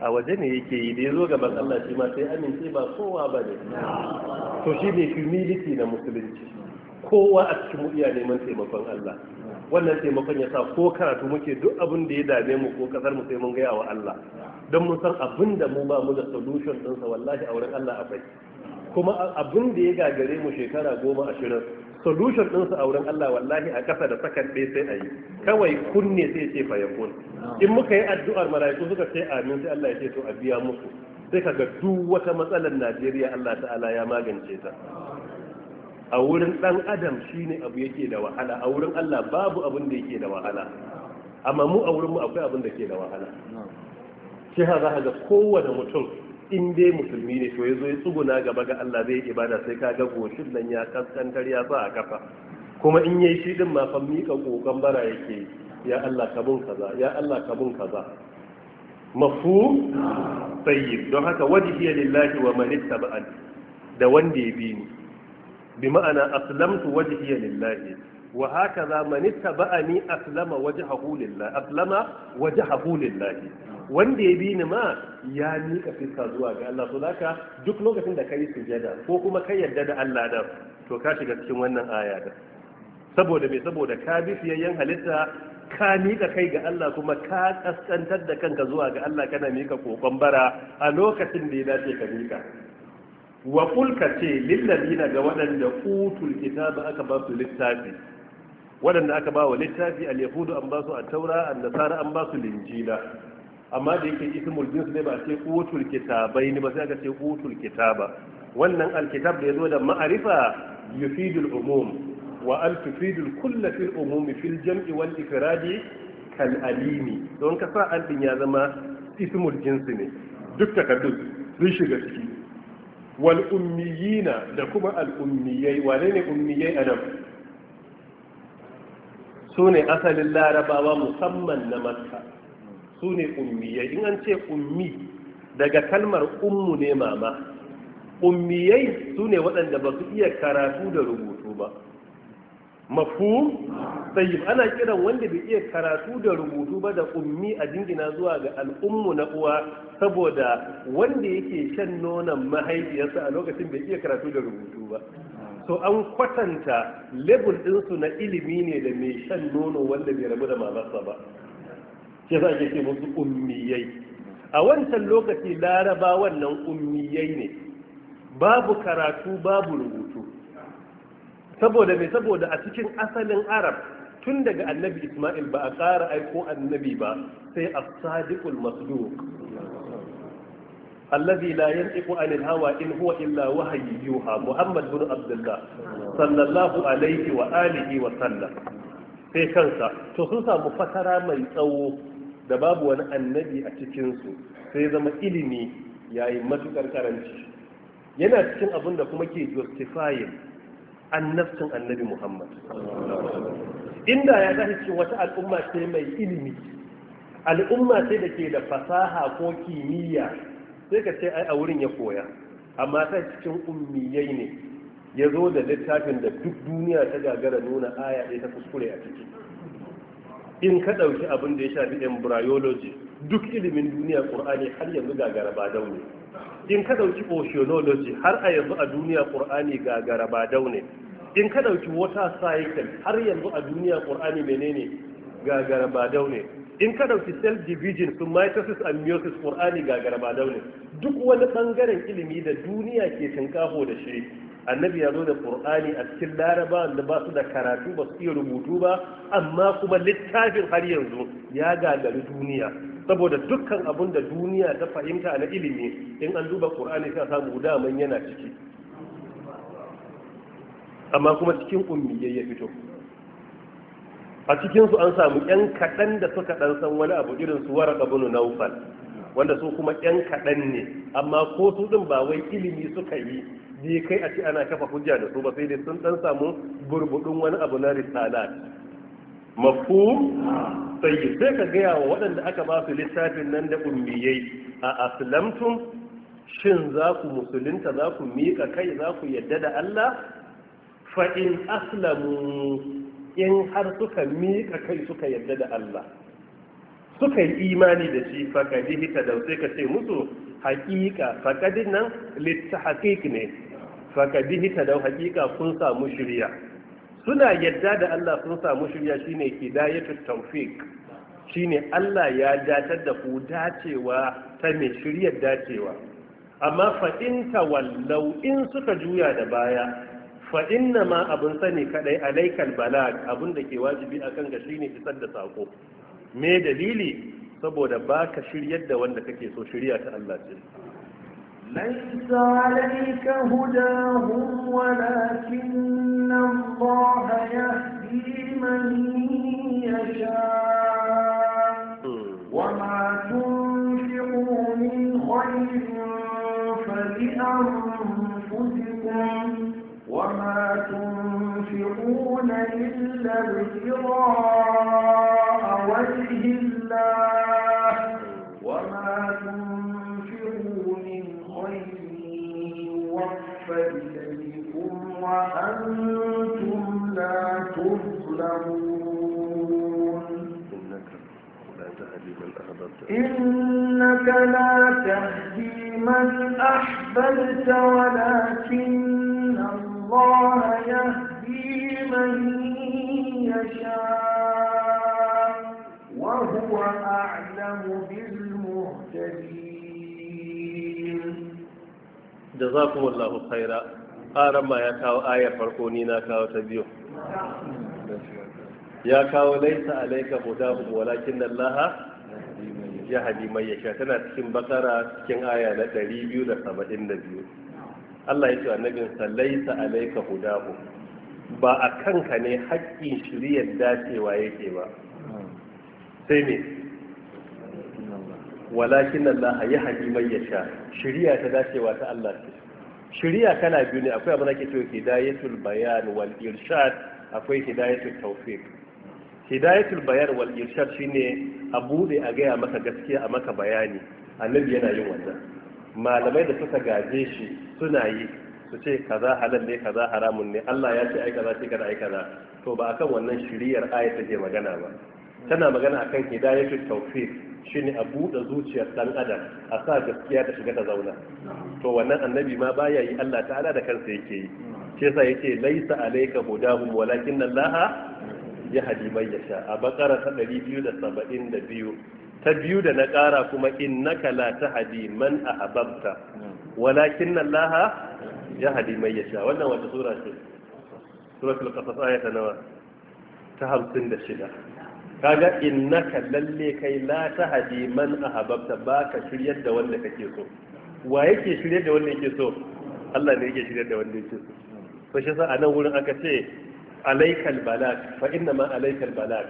Speaker 1: a waje ne yake yi da ya zo gaban Allah shi ma sai amince ba kowa ba ne to shi ne humility na musulunci kowa a cikin mu iya neman taimakon Allah wannan taimakon ya sa ko karatu muke duk abin da ya dame mu ko kasar mu sai mun gaya wa Allah don mun san abin da mu ba mu da solution sa wallahi a wurin Allah akwai kuma abin da ya gagare mu shekara goma ashirin solution sa a wurin Allah wallahi a kasa da sakan ɗaya sai a yi kawai kunne sai ce fa yakun in muka yi addu'ar mala'iku suka ce amin sai Allah ya ce to a biya musu sai kaga duk wata matsalar Najeriya Allah ta'ala ya magance ta a wurin dan adam shine abu yake da wahala a wurin Allah babu abin da yake da wahala amma mu a wurin mu akwai abin da ke da wahala shi ha za ga kowane mutum in dai musulmi ne to yazo ya tsuguna gaba ga Allah zai ibada sai ka ga goshin nan ya kaskantar ya sa a kafa kuma in yayi shi din ma fa mika kokon bara yake ya Allah ka bun kaza ya Allah ka bun kaza mafu tayyib don haka wajhiya lillahi wa man ittaba'ani da wanda ya bi ni bi ma'ana aslamtu wajhiya lillahi wa hakaza man ittaba'ani aslama wajhahu lillahi aslama wajhahu lillahi wanda ya bi ni ma ya mika fiska zuwa ga Allah to zaka duk lokacin da kai sujada ko kuma kai yarda da Allah da to ka shiga cikin wannan aya da saboda me saboda ka bi fiyayyen halitta ka miƙa kai ga Allah kuma ka kaskantar da kanka zuwa ga Allah kana mika kokon bara a lokacin da ya dace ka miƙa wa kulka ce lillazina ga waɗanda utul aka ba su littafi waɗanda aka ba wa littafi al yahudu an ba su a taura an nasara an ba su linjila amma da yake ismul jins ne ba ce utul kitabai ne ba sai aka ce utul kitaba wannan alkitab da ya zo da ma'arifa yufidul umum wa al tufidul kull fil umum fil jam'i wal ifradi kal alimi don ka sa al din ya zama ismul ne duk takaddu sun shiga ciki Wal'ummiyina da kuma al'ummiyai, ummiyai wane ne ummiyai a nan su ne asalin larabawa musamman na makka su ne ummiyai in an ce ummi daga kalmar ummu ne mama ummiyai su ne waɗanda ba su iya karatu da rubutu ba mafhum tayyib ana kiran wanda bai iya karatu da rubutu ba da ummi a jingina zuwa ga al'ummu na uwa saboda wanda yake shan nonon mahaifiyarsa a lokacin bai iya karatu da rubutu ba To an kwatanta level su na ilimi ne da mai shan nono wanda bai rabu da mamarsa ba ke za ke ce musu ummiyai a wancan lokaci laraba wannan ummiyai ne babu karatu babu rubutu saboda mai saboda a cikin asalin arab tun daga annabi ismail ba a ƙara aiko annabi ba sai a sadiqul masduq allazi la yantiqu anil hawa in huwa illa wahayi yuha muhammad bin abdullah sallallahu alaihi wa alihi wa sallam sai kansa to sun samu fasara mai tsawo da babu wani annabi a cikinsu sai zama ilimi yayin matukar karanci yana cikin abin da kuma ke justifying annabcin annabi Muhammad inda ya zahi cikin wata al'umma ce mai ilimi al'umma ce da ke da fasaha ko kimiyya sai ka ce ai a wurin ya koya amma ta cikin ummiyai ne ya zo da littafin da duk duniya ta gagara nuna aya ɗaya ta kuskure a ciki in ka ɗauki abin da ya shafi embryology duk ilimin duniya ƙur'ani har yanzu gagara ba daune in ka ɗauki oceanology har a yanzu a duniya ƙur'ani ga garaba daune in ka ɗauki water cycle har yanzu a duniya ƙur'ani menene ga garaba daune in ka ɗauki cell division su mitosis and meiosis ƙur'ani ga garaba daune duk wani ɓangaren ilimi da duniya ke shinkafo da shi annabi ya zo da qur'ani a cikin laraba da ba su da karatu ba su iya rubutu ba amma kuma littafin har yanzu ya gagari duniya saboda dukkan abun da duniya ta fahimta na ilimi in an duba qur'ani sai samu daman yana ciki amma kuma cikin ummiyai ya fito a cikinsu an samu 'yan kaɗan da suka ɗan san wani abu irin su waraka bunu naufal wanda su kuma 'yan kaɗan ne amma ko su ɗin ba wai ilimi suka yi ni kai a ce ana kafa hujja da su ba sai dai sun dan samu burbudun wani abu na risalat mafhum sai sai ka gaya wa waɗanda aka ba su littafin nan da ummiyai a aslamtum shin za ku musulunta za ku miƙa kai za ku yadda da Allah fa in aslamu in har suka miƙa kai suka yadda da Allah suka yi imani da shi fakadi hita da sai ka ce musu haƙiƙa kadin nan littahakik ne ta dau haƙiƙa kun samu shirya suna yadda da Allah sun samu shirya shine hidayatu shi shine Allah ya datar da ku dacewa ta mai shiryar dacewa amma fa in in suka juya da baya fa inna ma abun sani kadai alaikal balag abun da ke wajibi akan ga shine isar da sako me dalili saboda baka shiryar da wanda kake so shirya ta Allah ce
Speaker 4: ليس عليك هداهم ولكن الله يهدي من يشاء وما تنفقوا من خير فلأنفسكم وما تنفقون إلا ابتغاء وجه الله وأنتم لا تظلمون إنك لا تهدي من أحببت ولكن الله يهدي من يشاء وهو أعلم به
Speaker 1: Da za wallahu khaira ƙaran ma ya kawo ayar farko ni na kawo ta biyu ya kawo laisa alaika hudahu, walakin Allah ya hadi mai tana cikin bakara cikin aya na 272 Allah ya ce annabin sa laisa alaika hudahu. ba a kanka ne haƙƙin shiriyar dacewa yake ba sai ne walakin Allah ya hadi mai ya sha Shirya ta dacewa ta Allah ce shiriya kana biyu ne akwai abin da ke cewa hidayatul bayan wal irshad akwai hidayatul tawfiq hidayatul bayan wal irshad shine a bude a gaya maka gaskiya a maka bayani annabi yana yin wannan malamai da suka gaje shi suna yi su ce kaza halal ne kaza haramun ne Allah ya ce ai kaza ce kaza ai kaza to ba akan wannan shiriyar ayat take magana ba tana magana akan hidayatul tawfiq shine a buɗe zuciyar ɗan adam a sa gaskiya ta shiga ta zauna to wannan annabi ma baya yi Allah ta'ala da kansa yake yi shi yasa yake laisa alayka hudahum walakin Allah ya hadi man yasha a bakara ta 272 ta biyu da na ƙara kuma innaka la tahdi man ahbabta walakin Allah ya hadi man yasha wannan wata sura ce suratul qasas ayata nawa ta 56 kaga innaka lalle kai la tahdi man ba baka shiryar da wanda kake so wa yake shiryar da wanda yake so Allah ne yake shiryar da wanda yake so to shi sa anan wurin aka ce alaikal balak fa inna ma alaikal balak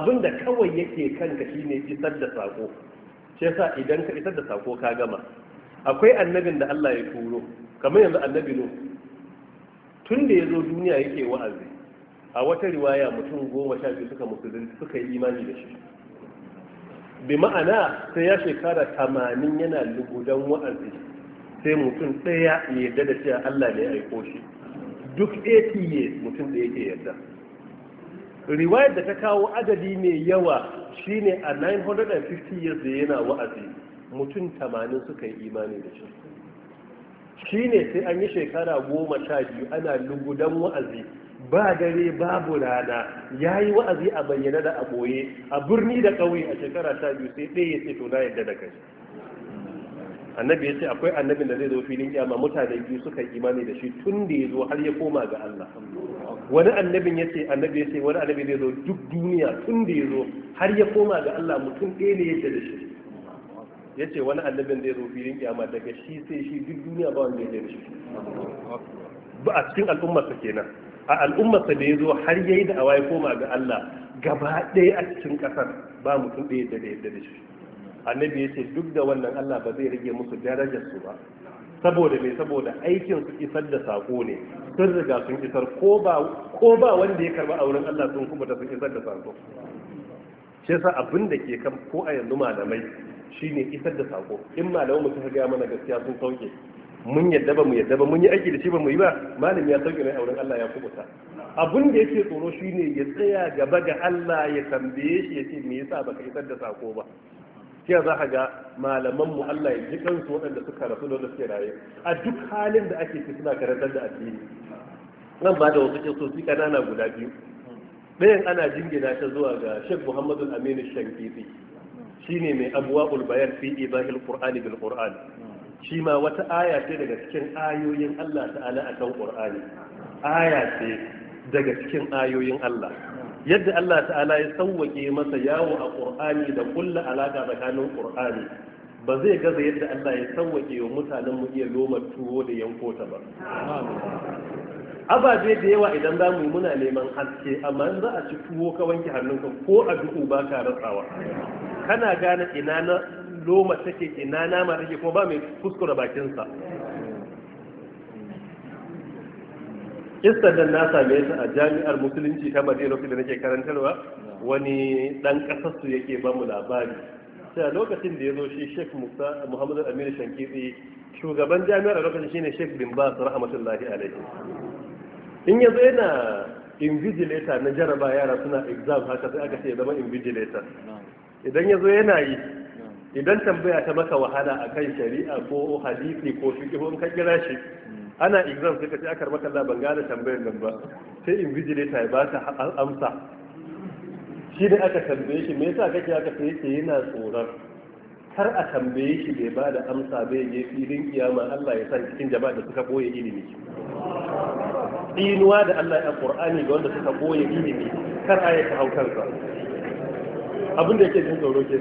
Speaker 1: abinda kawai yake kanka shine isar da sako shi sa idan ka isar da sako ka gama akwai annabin da Allah ya turo kamar yanzu annabi no tun da ya zo duniya yake wa'azi a wata riwaya mutum goma sha biyu suka musulun suka yi imani da shi bi ma'ana sai ya shekara tamanin yana lugudan wa'azi sai mutum ɗaya ya yarda da cewa Allah ne ya aiko shi duk 80 years mutum ɗaya ke yarda riwayar da ta kawo adadi mai yawa shine a 950 years da yana wa'azi mutum tamanin suka yi imani da shi shine sai an yi shekara goma sha biyu ana lugudan wa'azi ba dare babu rana ya yi wa'azi a bayyana da a ɓoye a birni da ƙauye a shekara ta biyu sai ɗaya ya ce to na yadda da kai annabi ya ce akwai annabin da zai zo filin kyama mutane biyu suka imani da shi tun da ya zo har ya koma ga Allah wani annabin ya ce annabi ya ce wani annabi zai zo duk duniya tun da ya zo har ya koma ga Allah mutum ɗaya ne yadda da shi ya ce wani annabin zai zo filin kyama daga shi sai shi duk duniya ba wanda ya da shi ba a cikin al'ummarsa kenan a al'ummarsa da ya zo har yi da awa ya koma ga Allah gaba ɗaya a cikin ƙasar ba mutum ɗaya da yadda da shi annabi ya ce duk da wannan Allah ba zai rage musu darajar ba saboda mai saboda aikin su isar da sako ne sun riga sun isar ko ba wanda ya karba auren Allah sun kuma ta sun isar da sako shi yasa abin da ke kan ko a yanzu malamai shine isar da sako in malamu mutum gaya mana gaskiya sun sauke mun yadda ba mu yadda ba mun yi aiki da shi ba mu yi ba malam ya sauke mai auren Allah ya kubuta abun da yake tsoro shine ya tsaya gaba ga Allah ya tambaye shi ya ce me yasa baka isar da sako ba sai za ka ga malaman mu Allah ya ji kansu waɗanda suka rasu da suke raye a duk halin da ake ci suna karantar da addini nan ba da wasu kisosi kanana guda biyu ɗayan ana jingina ta zuwa ga Sheikh Muhammadu Aminu Shankiti shine mai abuwa bayan fi ibahil Qur'ani bil Qur'an shi ma wata aya ce daga cikin ayoyin Allah ta'ala a kan Qur'ani aya ce daga cikin ayoyin Allah yadda Allah ta'ala ya sauwake masa yawo a Qur'ani da kulla alaƙa tsakanin Qur'ani ba zai gaza yadda Allah ya sauwake wa mutanen mu iya loma tuwo da yanko ta ba ababe da yawa idan za mu muna neman haske amma in za a ci tuwo ka wanke hannunka ko a duhu ba ka rasawa kana gane ina na loma take ina nama take kuma ba mai kuskura bakinsa kistar da na same ta a jami'ar musulunci ta madina da nake karantarwa wani dan kasarsu yake ba mu labari sai a lokacin da ya zo shi sheikh musa muhammad amir shankitsi shugaban jami'ar a lokacin shine sheikh bin bas rahmatullahi alaihi in ya zo yana invigilator na jaraba yara suna exam haka sai aka ce ya zama invigilator idan ya zo yana yi idan tambaya ta maka wahala a kan shari'a ko hadisi ko fiqh in ka kira shi ana exam sai ka ce akar maka Allah ban gane tambayar nan ba sai invigilator ya ba ta amsa shi da aka tambaye shi me yasa kake aka sai yake yana tsoron kar a tambaye shi bai ba da amsa bai je filin kiyama Allah ya san cikin jama'a da suka boye ilimi dinuwa da Allah ya Qur'ani ga wanda suka boye ilimi kar hautar ka. abin da yake jin tsoro ke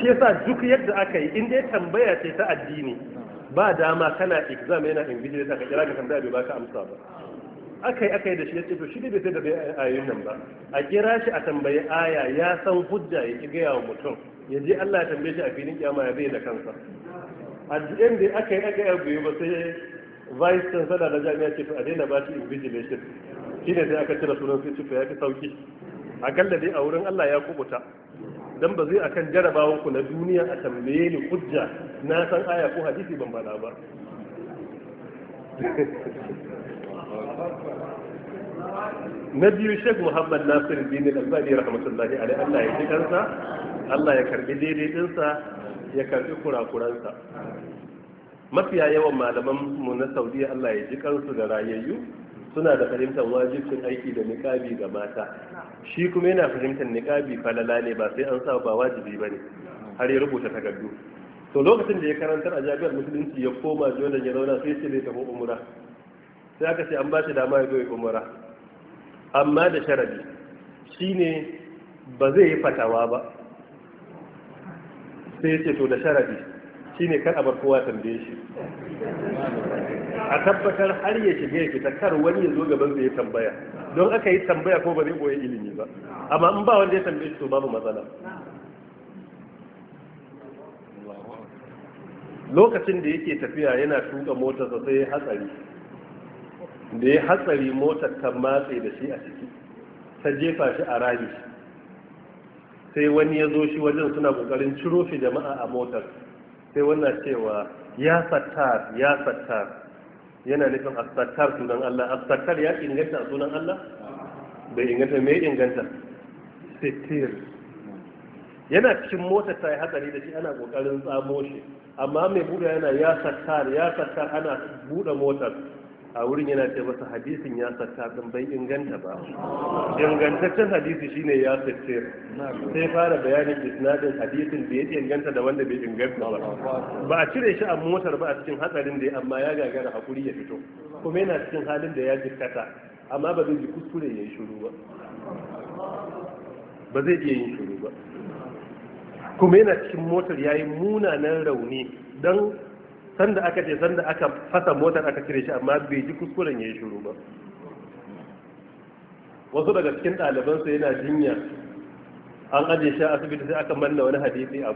Speaker 1: shi yasa duk yadda aka yi in ya tambaya ce ta addini ba dama kana exam yana invigilate aka kira ka tambaya bai baka amsa ba aka yi aka da shi ya ce to shi bai sai da bai ayoyin nan ba a kira shi a tambayi aya ya san hujja ya ki gaya wa mutum ya je Allah ya tambaye shi a filin kiyama ya bayyana kansa a duk da aka yi aka yi ba sai vice chancellor da jami'a ce to a daina ba shi invigilation shi ne sai aka cire sunan sai ce ya fi sauki akalla dai a wurin Allah ya kubuta dan ba zai akan jarabawan ku na duniya a tambaye ni hujja na san aya ko hadisi ban bada ba na biyu shek muhammad nasir bin al-albani rahmatullahi alaihi Allah ya ji kansa Allah ya karbi daidai dinsa ya karbi kurakuransa mafiya yawan malaman mu na Saudiya Allah ya ji kansu da rayayyu suna da fahimtar wajibcin aiki da niƙabi ga mata shi kuma yana fahimtar niƙabi falala ne ba sai an sa ba wajibi ba ne har ya rubuta takardu to lokacin da ya karantar a jami'ar musulunci ya koma jordan ya zauna sai ce zai tafi umura sai aka ce an ba shi dama ya zo ya umura amma da sharadi shine ba zai yi fatawa ba sai ce to da sharadi shine kar a bar kowa tambaye shi a tabbatar har ya shiga ya fita kar wani ya zo gaban zai tambaya don aka yi tambaya ko ba zai koyi ilimi ba amma in ba wanda ya tambaye shi to babu matsala lokacin da yake tafiya yana tuka motar sa sai hatsari da ya hatsari motar ta matse da shi a ciki ta jefa shi a rami sai wani ya zo shi wajen suna kokarin ciro shi jama'a a motar sai wannan cewa ya sattar ya sattar yana nufin a sattar sunan Allah a sattar ya inganta a sunan Allah bai inganta me inganta sittir yana cikin mota ta yi hatsari da shi ana kokarin tsamo shi amma mai buɗe yana ya sattar ya sattar ana buɗe motar a wurin yana ce masa hadisin ya satta ɗin bai inganta ba ingantaccen hadisi shine ya sace sai fara bayanin isnadin hadisin da ya inganta da wanda bai inganta ba ba a cire shi a motar ba a cikin hatsarin da amma ya gagara hakuri ya fito kuma yana cikin halin da ya jikkata amma ba zai ji kuskure ya yi shiru ba ba zai iya yin shiru ba kuma yana cikin motar ya yi munanan rauni don sanda aka ce sanda aka fasa motar aka cire shi amma bai ji kuskuren ya yi shuru ba wasu daga cikin ɗalibansu yana jinya an aje shi a asibiti sai aka manna wani hadisi a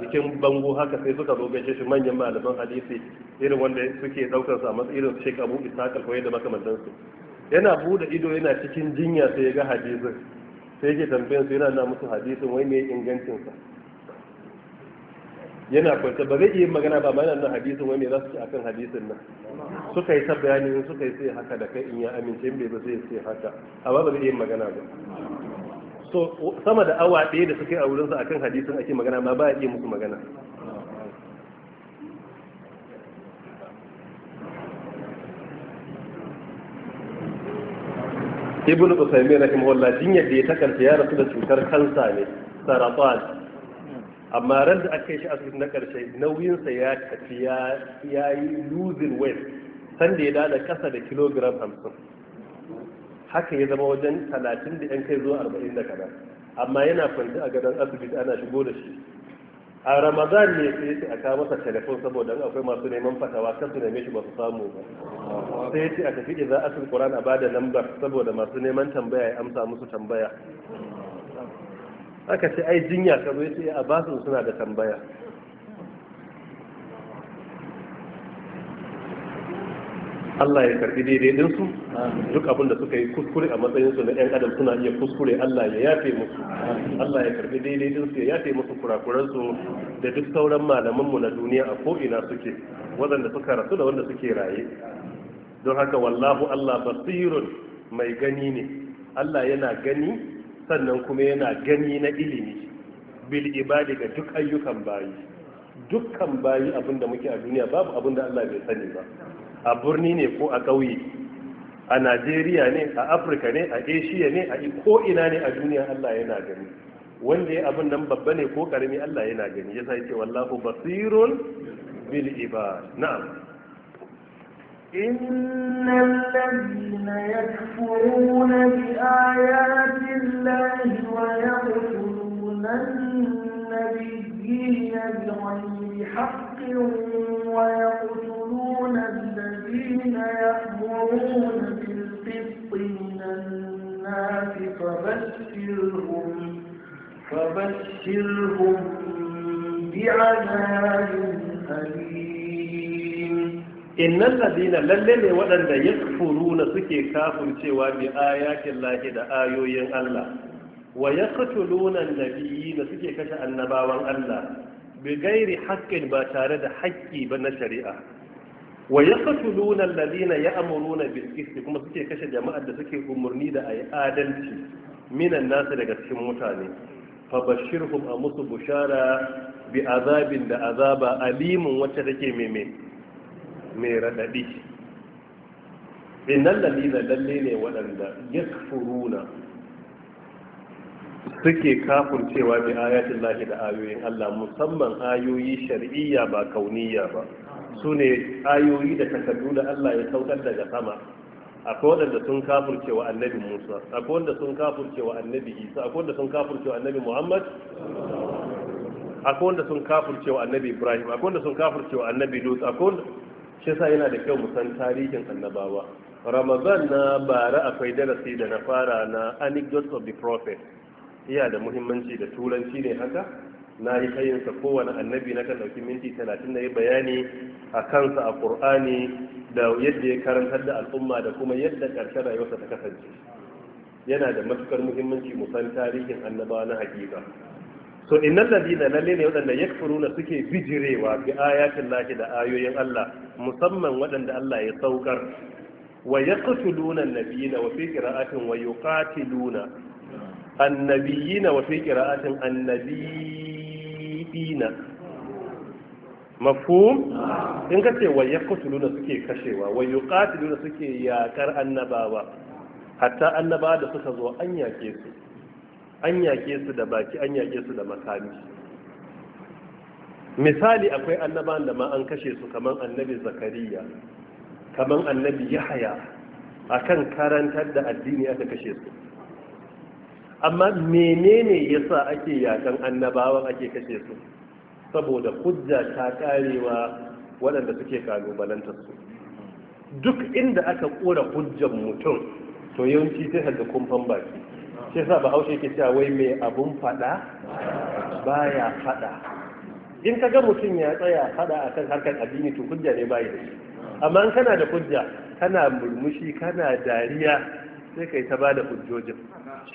Speaker 1: jikin bango haka sai suka zo gaishe shi manyan malaman hadisi irin wanda suke daukar a matsayin irin Sheikh Abu Ishaq al da makamantan yana buɗe ido yana cikin jinya sai ya ga hadisin sai yake tambayar su yana na musu hadisin wai me ingancin sa yana kwanta ba zai iya magana ba mana nan hadisin wani za su ci akan hadisin nan suka yi ta bayani suka yi sai haka da kai in ya amince in bai ba sai sai haka amma ba zai iya magana ba so sama da awa ɗaya da suka yi a wurinsa akan hadisin ake magana ma ba a iya musu magana ibn usaimin rahimahullah jinyar da ya takanta ya rasu da cutar kansa ne saratan amma ran da aka yi shi asibiti na karshe nauyinsa ya tafi ya yi losing weight sanda ya dada kasa da kilogram hamsin haka ya zama wajen talatin da yan kai zuwa arba'in da kana amma yana kwanci a gadon asibiti ana shigo da shi a ramadan ne sai ce a kawo masa telefon saboda akwai masu neman fatawa kan su neme shi ba su samu ba sai ce a tafi a asul qur'an a bada lambar saboda masu neman tambaya ya amsa musu tambaya aka ce ai jinya ka zo yace a basu suna da tambaya Allah ya karbi daidai din su duk abin da suka yi kuskure a matsayin su na ɗan adam suna iya kuskure Allah ya yafe musu Allah ya karbi daidai din su ya yafe musu kurakuran su da duk sauran malaman mu na duniya a ko ina suke Wadanda suka rasu da wanda suke raye don haka wallahu Allah basirun mai gani ne Allah yana gani sannan kuma yana gani na ilimi bil ibadi ga duk ayyukan bayi dukkan bayi abinda muke a duniya babu abin da Allah bai sani ba a birni ne ko a ƙauye a Najeriya ne a Afirka ne a Asia ne a ko ina ne a duniya Allah yana gani wanda ya abin nan babba ne ko karami Allah yana gani yasa yake wallahu basirun bil ibad na'am
Speaker 4: إن الذين يكفرون بآيات الله ويقتلون النبيين بغير حق ويقتلون الذين يأمرون بالقسط من الناس فبشرهم فبشرهم بعذاب
Speaker 2: أليم
Speaker 1: innan ladina lalle ne waɗanda ya furuna suke kafircewa bi ayatin lahi da ayoyin Allah wa ya katuluna suke kashe annabawan Allah bi gairi haƙƙin ba tare da haƙƙi ba na shari'a wa ya katuluna ladina ya bil qisti kuma suke kashe jama'ar da suke umarni da ayi adalci minan nasu daga cikin mutane fa bashirhum a musu bushara bi azabin da azaba alimun wacce take mai mai raɗaɗi inan lalina lalle ne waɗanda ya furuna suke kafin cewa mai ayatun lahi da ayoyin Allah musamman ayoyi shari'iyya ba kauniyya ba su ne ayoyi da takardu da Allah ya saukar daga sama akwai waɗanda sun kafin cewa annabi musa akwai wanda sun kafin cewa annabi isa akwai wanda sun kafin cewa annabi muhammad akwai wanda sun kafin cewa annabi ibrahim akwai wanda sun kafin cewa annabi lut akwai shi sa yana da kyau mu san tarihin annabawa ramadan na bara akwai darasi da na fara na anecdotes of the prophet iya da muhimmanci da turanci ne haka na yi kayinsa kowane annabi na kan ɗauki minti talatin na yi bayani a kansa a ƙur'ani da yadda ya karantar da al'umma da kuma yadda ƙarshen rayuwarsa ta kasance yana da matukar muhimmanci mu san tarihin annabawa na hakika to innal ladina lalle ne wadanda yakfuruna suke bijirewa bi ayatin lahi da ayoyin Allah musamman wadanda Allah ya saukar wa yaqtuluna an-nabiyina wa fi qira'atin wa yuqatiluna annabiyina wa fi qira'atin annabiyina mafhum in kace wa yaqtuluna suke kashewa wa yuqatiluna suke yakar annabawa hatta annabawa da suka zo an yake su an yake su da baki an yake su da makami misali akwai annaban da ma an kashe su kaman annabi zakariya kaman annabi yahaya akan karantar da addini aka kashe su amma menene yasa ake yakan annabawan ake kashe su saboda hujja ta karewa waɗanda suke kalubalantar su duk inda aka kora hujjar mutum to yawanci sai haga kumfan baki shi sa bahaushe ke cewa wai mai abun fada baya fada in ka ga mutum ya tsaya fada akan harkar addini to hujja ne bayi da shi amma kana da hujja kana murmushi kana dariya sai kai ta bada hujjojin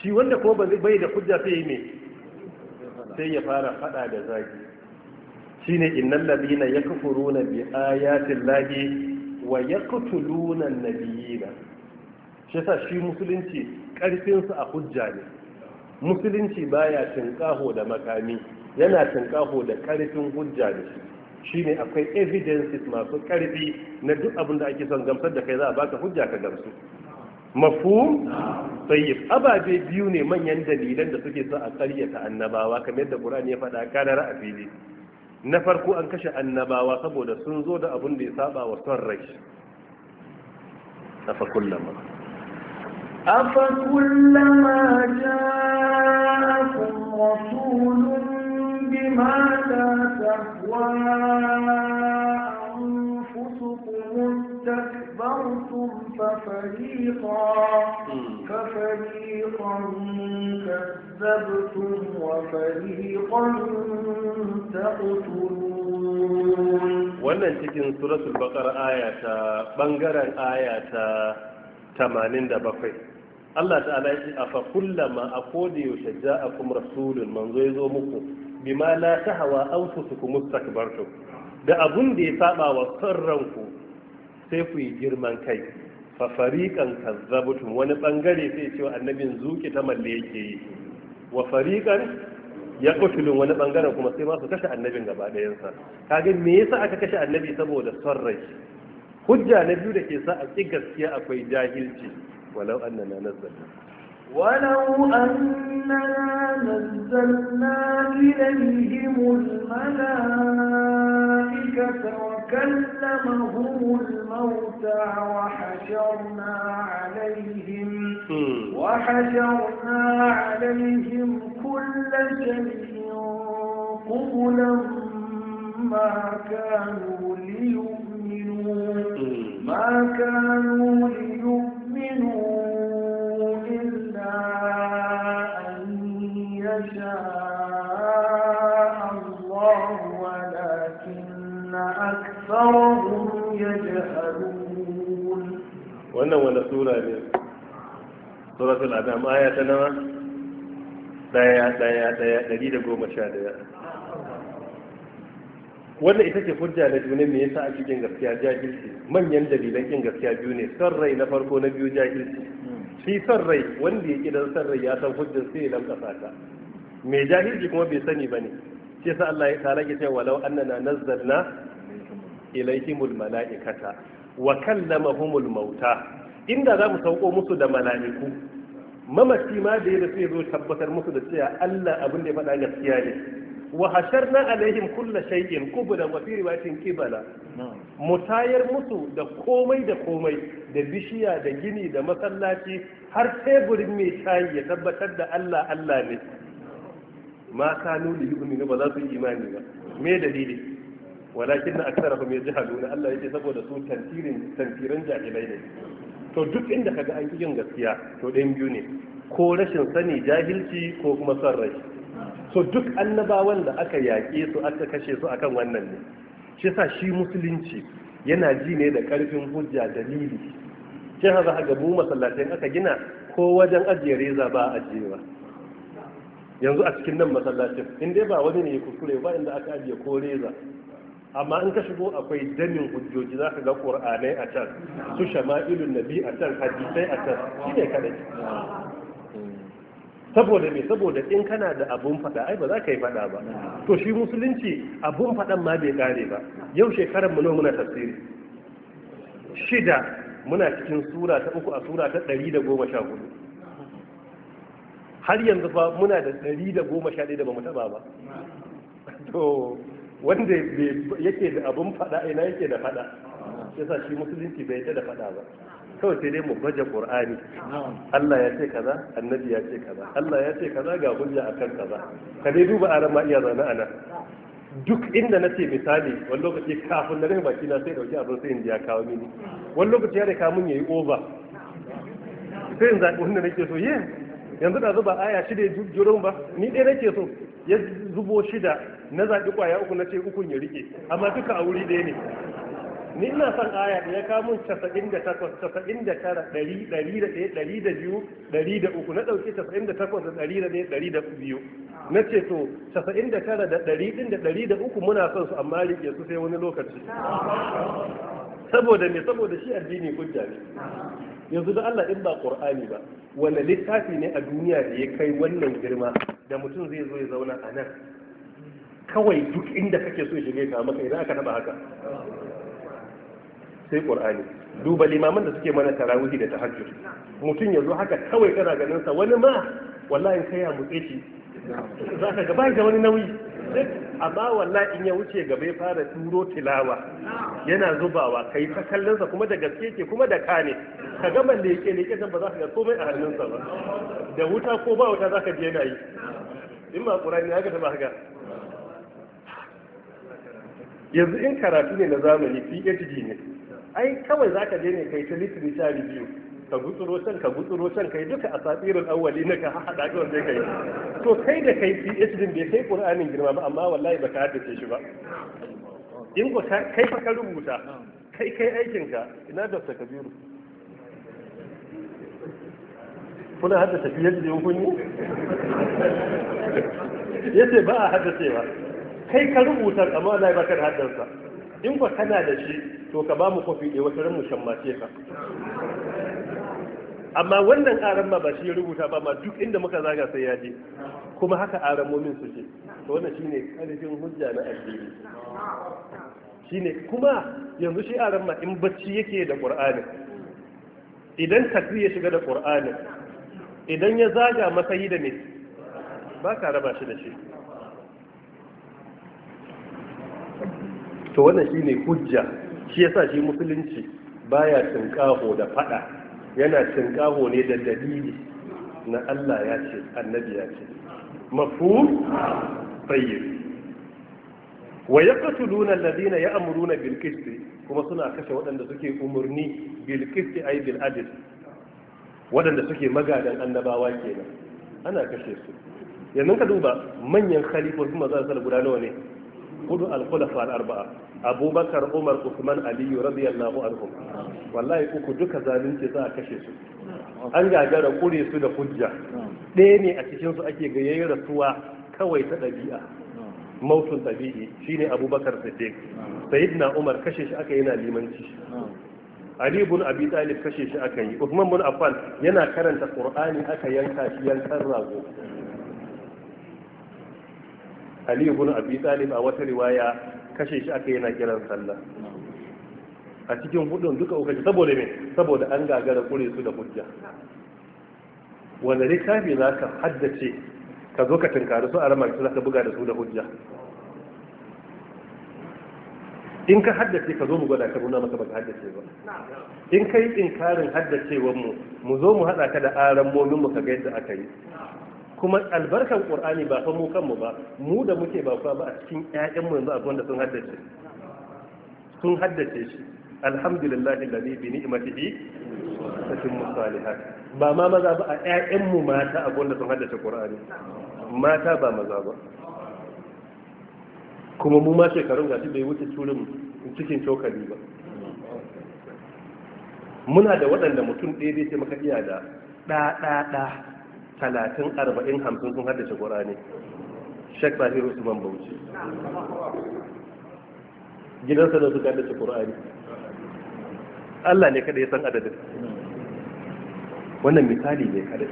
Speaker 1: shi wanda ko bai da hujja sai me sai ya fara fada da zagi shine innal ladina yakfuruna bi ayati wa yaqtuluna an-nabiyina shi sa shi musulunci ƙarfinsu a hujja ne musulunci baya tinkaho da makami yana tinkaho da ƙarfin hujja ne shine akwai evidences masu ƙarfi na duk abin da ake son gamsar da kai za a baka hujja ka gamsu mafhum sai ababe biyu ne manyan dalilan da suke sa a karyata annabawa kamar yadda qur'ani ya faɗa karar a fili na farko an kashe annabawa saboda sun zo da abin da ya saba wa son rai afa kullama
Speaker 4: أفكلما جاءكم رسول بما لا تهوى أنفسكم استكبرتم ففريقا ففريقا كذبتم وفريقا تقتلون
Speaker 1: wannan cikin suratul baqara aya ta bangaren aya ta 87 Allah ta'ala ya ce a kullama a koda yaushe ja'akum rasulun manzo ya zo muku bima la tahawa anfusukum mustakbartum da abun da ya saba wa sarranku sai ku yi girman kai fa fariqan kazzabtum wani bangare sai cewa annabin zuki ta malle yake yi wa fariqan ya kutulun wani bangaren kuma sai ma kashe annabin gaba ɗayansa kage me yasa aka kashe annabi saboda son hujja na biyu da ke sa a ƙi gaskiya akwai jahilci ولو أننا نزلنا
Speaker 4: ولو أننا نزلنا إليهم الملائكة وكلمهم الموتى وحشرنا عليهم وحشرنا عليهم كل شيء قبلا ما كانوا ليؤمنوا ما كانوا ليؤمنوا تؤمنوا إلا أن يشاء الله ولكن
Speaker 1: wannan wani sura ne suratul adam aya ta nama, daya daya daya dari da goma sha daya wanda ita ce hujja na juna me yasa ake kin gaskiya jahilci manyan dalilan kin gaskiya biyu ne san rai na farko na biyu jahilci shi san rai wanda ya kidan san rai ya san hujjar sai ya lamkasa ta me jahilci kuma bai sani bane sai sa Allah ya tsara ke cewa walau annana nazzalna ilaihimul malaikata wa kallamahumul mauta inda za mu sauko musu da mala'iku mamaci ma da ya da zo tabbatar musu da cewa Allah abin da ya faɗa gaskiya ne wa hasharna alaihim kulla shay'in kubla wa fi riwayatin mu mutayar musu da komai da komai da bishiya da gini da masallaci har teburin mai shayi ya tabbatar da Allah Allah ne ma kanu li yu'minu ba za su yi imani ba me dalili walakin jihar yajhaluna Allah yake saboda su tantirin tantirin jahilai ne to duk inda kaga an yin gaskiya to dan biyu ne ko rashin sani jahilci ko kuma son rai so duk annabawan da aka yaƙe su aka kashe su akan wannan ne shi sa shi musulunci yana ji ne da ƙarfin hujja dalili shi haza ga gabu masallacin aka gina ko wajen ajiye reza ba a ajiyewa yanzu a cikin nan masallacin in dai ba wani ne ya kuskure ba inda aka ajiye ko reza amma in ka shigo akwai damin hujjoji za ka ga ƙur'anai a can su shama'ilun nabi a can hadisai a can shi ne kaɗai saboda me saboda in kana da abun fada ai ba za ka yi fada ba to shi musulunci abun fadan ma bai kare ba yau shekarar mu muna tafsiri shida muna cikin sura ta uku a sura ta 114 har yanzu fa muna da 111 da bamu taba ba to wanda yake da abun fada ina yake da fada yasa shi musulunci bai da fada ba kawai sai dai mu baje qur'ani Allah ya ce kaza annabi ya ce kaza Allah ya ce kaza ga hujja akan kaza ka dai duba aran ma iya zana ana duk inda na ce misali wani lokaci kafin na rai baki na sai dauki abin sai inda ya kawo mini wani lokaci ya rika mun yayi over sai in zaɓi wanda nake so ye yanzu da zuba aya shida ya jurun ba ni ɗaya nake so ya zubo shida na zaɓi ƙwaya uku na ce ukun ya rike amma duka a wuri ɗaya ne ni ina son aya ya kamun ɗari da biyu ɗari da uku na dauki 98 da da biyu na ce to 99 da ɗari ɗin da uku muna son su amma rike su sai wani lokaci saboda me saboda shi addini hujja ne yanzu da Allah in ba Qur'ani ba wanda littafi ne a duniya da ya kai wannan girma da mutum zai zo ya zauna a nan kawai duk inda kake so shiga ka maka idan aka taba haka sai qur'ani duba limaman da suke mana tarawihi da tahajjud mutum yanzu haka kawai kana ganin sa wani ma wallahi sai ya mutse shi za ka gaba da wani nauyi amma wallahi in ya wuce gaba ya fara turo tilawa yana zubawa kai ta kallon sa kuma da gaske ke kuma da kane ka gama leke-leke yake ba za ka ga komai a hannun sa ba da wuta ko ba wuta za ka je yana yi in ma qur'ani haka ta ba haka yanzu in karatu ne na zamani PhD ne ai kawai za ka je ne kai ta sha biyu, ka gutsuro can ka gutsuro can kai duka a tsatsirin awwali na ka haɗa kawai wanda kai to kai da kai PhD bai kai Qur'anin girma ba amma wallahi baka haddace shi ba
Speaker 3: in ko kai
Speaker 1: fa ka rubuta kai kai aikinka ina Dr. Kabiru kuna haddasa PhD da kun yi yace ba a ba. kai ka rubuta amma wallahi baka haddace in ba kana da shi to ka ba mu kofi ɗaya wata mu shammace ka amma wannan aran ba shi rubuta ba ma duk inda muka zaga sai ya je kuma haka aran momin su ce to wannan shine karfin hujja na addini shine kuma yanzu shi aran ma in bacci yake da qur'ani idan takbir ya shiga da qur'ani idan ya zaga masayi da ne ba ka raba shi da shi to wannan shine hujja shi yasa shi musulunci baya tinkaho da fada yana tinkaho ne da dalili na Allah ya ce annabi ya ce mafhum tayyib wa yaqtuluna alladhina ya'muruna bil qist kuma suna kashe waɗanda suke umurni bil qist ay bil adl waɗanda suke magadan annabawa kenan ana kashe su yanzu ka duba manyan khalifofin maza sallallahu alaihi wasallam guda nawa ne hudu al-khulafa al-arba'a abubakar umar usman ali radiyallahu anhum wallahi uku duka zalunci za a kashe su an gagara kure su da hujja ɗaya ne a cikin su ake ga yayin rasuwa kawai ta ɗabi'a mautun dabi'i shine abubakar siddiq sayyidina umar kashe shi aka yana limanci Ali ibn Abi Talib kashe shi aka yi Uthman ibn Affan yana karanta Qur'ani aka yanka shi yankan rago ali ibn abi talib a wata riwaya kashe shi aka yana kiran sallah a cikin hudun duka uku saboda me saboda an gagara kure su da hujja wanda littafi za ka haddace ka zo ka tunkari su a ramar su za ka buga da su da hujja in ka haddace ka zo mu gwada ka nuna maka baka haddace ba in ka yi inkarin haddacewar mu mu zo mu haɗa ka da aran momin mu ka ga yadda aka yi kuma albarkan qur'ani ba fa mu kanmu ba mu da muke ba ba a cikin ƴaƴan mu yanzu a gwanda sun haddace sun haddace shi alhamdulillah alladhi bi ni'matihi tasim musalihat ba ma maza ba a ƴaƴan mu mata a gwanda sun haddace qur'ani mata ba maza ba kuma mu ma shekarun gashi bai wuce turin cikin cokali ba muna da waɗanda mutum ɗaya zai ce maka iya da ɗa ɗa ɗa talatin arba'in hamsin sun haddace ƙur'ani shek zahiru usman bauchi gidansa da su haddace ƙur'ani Allah ne kada ya san adadin wannan misali ne kada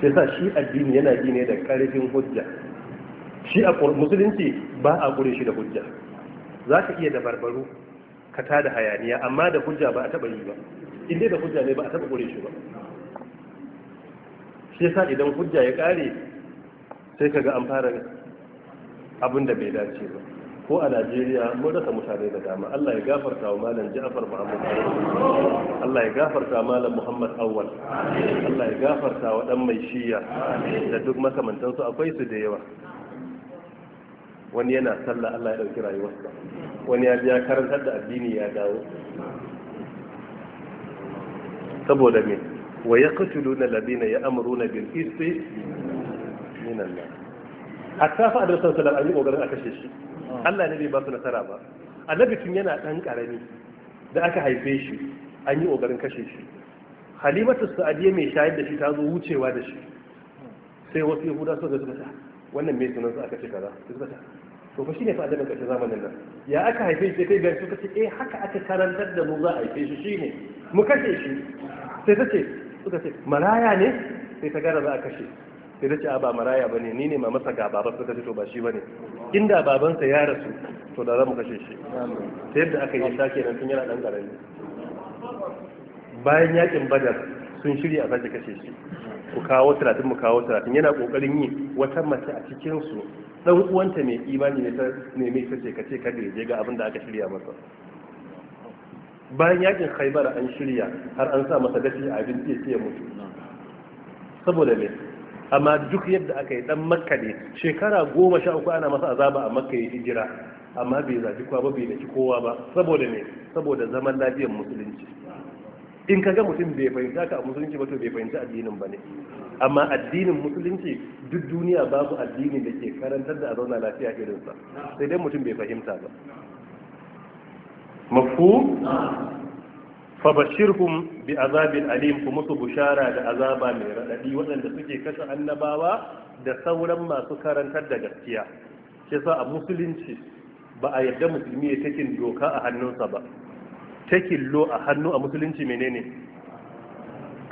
Speaker 1: sai sa shi addini yana ji ne da ƙarfin hujja shi a musulunci ba a ƙure shi da hujja za ka iya da barbaru ka tada hayaniya amma da hujja ba a taɓa yi ba in dai da hujja ne ba a taɓa ƙure shi ba shi sa idan hujja ya kare sai kaga an fara abin da bai dace ba ko a najeriya mun rasa mutane da dama allah ya gafarta wa malam ja'far muhammad allah ya gafarta malam muhammad awwal allah ya gafarta wa dan mai shiya da duk makamantansu akwai su da yawa wani yana sallah allah ya dauki rayuwarsa wani ya biya karantar da addini ya dawo saboda me wa yaqtuluna alladhina ya'muruna ya qisti min Allah hatta fa adar sallallahu alaihi wasallam an yi a kashe shi Allah ne bai ba su nasara ba annabi tun yana dan karami da aka haife shi an yi kokarin kashe shi halimatu sa'adiyya mai shayar da shi ta zo wucewa da shi sai wasu yahuda suka zo suka wannan mai sunan su aka ce kaza suka ta to fa shine fa adamin kashe zamanin nan ya aka haife shi kai ga suka ce eh haka aka karantar da mu za a haife shi shine mu kashe shi sai ta ce suka ce maraya ne sai ta gara za a kashe sai ta ce a ba maraya ne? ni ne ma masa ga baban suka ce to ba shi ba ne? inda babansa ya rasu to da za mu kashe shi ta yadda aka yi sake nan tun yana dan karami bayan yakin badar sun shirya a sake kashe shi ku kawo talatin mu kawo talatin yana kokarin yi wata mace a cikin su dan uwanta mai imani ne ta nemi ta ce kace kada ya je ga abin da aka shirya masa bayan yakin khaibar an shirya har an sa masa dafi a abin sai ya mutu saboda me amma duk yadda aka yi dan makka ne shekara goma sha uku ana masa azaba a makka ya hijira amma bai zafi kowa ba bai daki kowa ba saboda me saboda zaman lafiyar musulunci in kaga mutum bai fahimta ka a musulunci ba to bai fahimci addinin ba ne amma addinin musulunci duk duniya babu addini da ke karantar da a zauna lafiya irinsa sai dai mutum bai fahimta ba mafu fabashirhum bi azabin alim ku musu bushara da azaba mai raɗaɗi waɗanda suke kashe annabawa da sauran masu karantar da gaskiya shi sa a musulunci ba a yarda musulmi ya takin doka a hannunsa ba takin lo a hannu a musulunci menene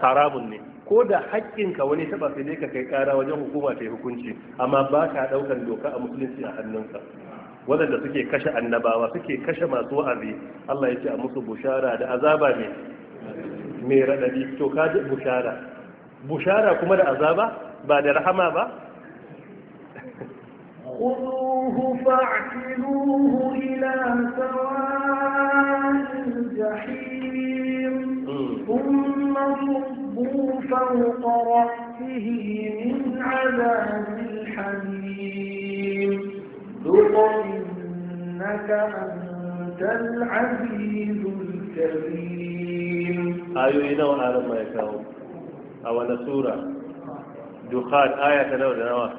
Speaker 1: karamun ne ko da haƙƙinka wani taɓa sai ka kai ƙara wajen hukuma ta hukunci amma ba ka ɗaukar doka a musulunci a hannunsa waɗanda suke kashe annabawa suke kashe masu wa'azi Allah ya ce a musu bushara da azaba ne mai raɗaɗi to ka ji bushara bushara kuma da azaba ba da rahama ba
Speaker 4: خذوه فاعتلوه إلى سواء الجحيم ثم صبوا فوق رأسه من عذاب الحميم إنك أنت العزيز ya
Speaker 1: kawo a wani يكاوم أولا Aya ta nawa da nawa?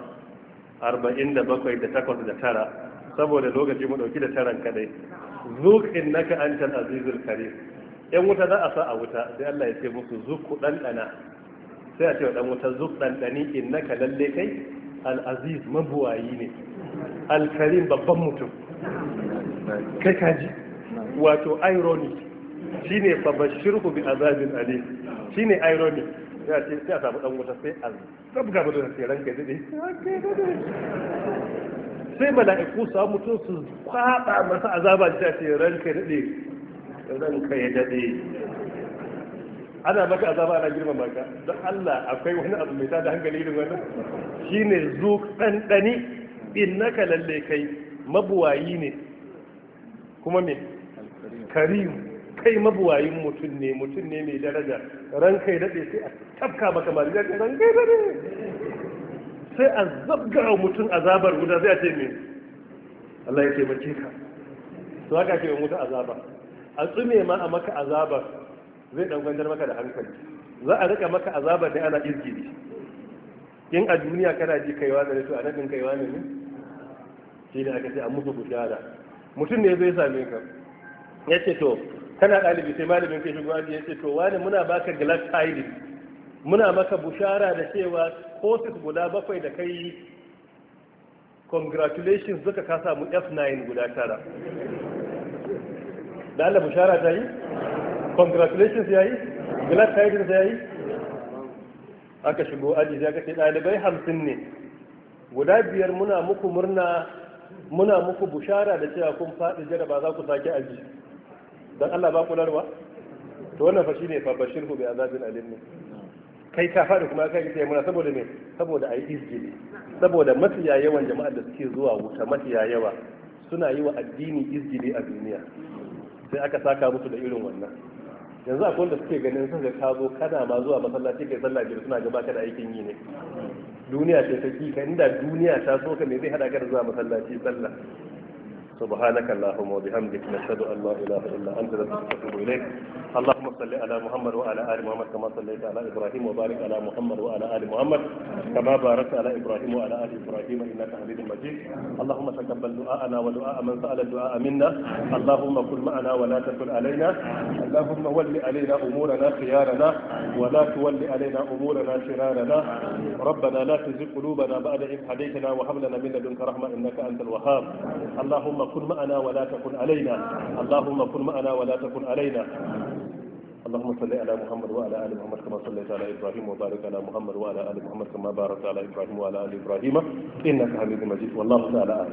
Speaker 1: arba'in da bakwai da takwas da tara saboda lokaci mu ɗauki da taran kadai zuk innaka antal azizul karim yan wuta za a sa a wuta sai Allah ya ce musu zuk ku ɗanɗana sai a ce wa ɗan wuta zuk ɗanɗani in innaka lalle kai al aziz mabuwayi ne alkarim babban mutum kai kaji wato irony shine fabashirku bi azabin shi shine irony ya ce sai a samu dan wuta sai a zabga mutum da tseren kai zai sai mala'iku su mutum su kwaba masa azaba da ce ranka dade ranka ya dade ana maka azaba ana girma maka don Allah akwai wani abu mai da hankali irin wannan shine ɗanɗani innaka lalle kai mabuwayi ne kuma me karim kai mabuwayin mutum ne mutum ne mai daraja Ran kai daɗe sai a tafka maka mari da ran kai daɗe sai a zabga mutum azabar guda sai a ce me Allah ya mace ka to haka ke mutu azaba a tsume ma a maka azabar zai dan gwandar maka da hankali za a rika maka azabar da ana izgiri in a duniya kana ji kaiwa da to a nan kaiwa ne ne shi ne aka ce a musu bushara mutum ne zai same ka ya ce to kana ɗalibi sai malamin ke shigo aji ya ce to wani muna baka glass tidings muna maka bushara da cewa courses guda bakwai da kai congratulations zaka ka samu f9 guda tara da Allah bushara ta yi congratulations ya yi glass tidings ya yi aka shigo aji ya kashe ɗalibai hamsin ne guda biyar muna muku murna muna muku bushara da cewa kun faɗi jaraba za ku sake aji don Allah ba ku larwa to wannan fa shine fa bashirhu bi azabin alim ne kai ka faɗi kuma kai kace muna saboda me saboda ai izgi saboda masiya yawan jama'ar da suke zuwa wuta masiya yawa suna yi wa addini izgi a duniya sai aka saka musu da irin wannan yanzu akwai wanda suke ganin sun ga ka kana ma zuwa masallaci kai sallah biyar suna gaba aikin yi ne duniya ce ta kika inda duniya ta so ka me zai hada ka da zuwa masallaci sallah سبحانك اللهم وبحمدك نشهد ان لا اله الا انت نستغفرك ونتوب اليك اللهم صل على محمد وعلى ال محمد كما صليت على ابراهيم وبارك على محمد وعلى ال محمد كما باركت على ابراهيم وعلى ال ابراهيم انك حميد مجيد اللهم تقبل دعاءنا ودعاء من سال الدعاء منا اللهم كن معنا ولا تكن علينا اللهم ول علينا امورنا خيارنا ولا تول علينا امورنا شرارنا ربنا لا تزغ قلوبنا بعد إذ هديتنا وهب لنا من لدنك رحمه انك انت الوهاب اللهم اللهم كن معنا ولا تكن علينا اللهم كن معنا ولا تكن علينا اللهم صل على محمد وعلى ال محمد كما صليت على ابراهيم وبارك على محمد وعلى ال محمد كما باركت على ابراهيم وعلى ال ابراهيم انك حميد
Speaker 4: مجيد والله تعالى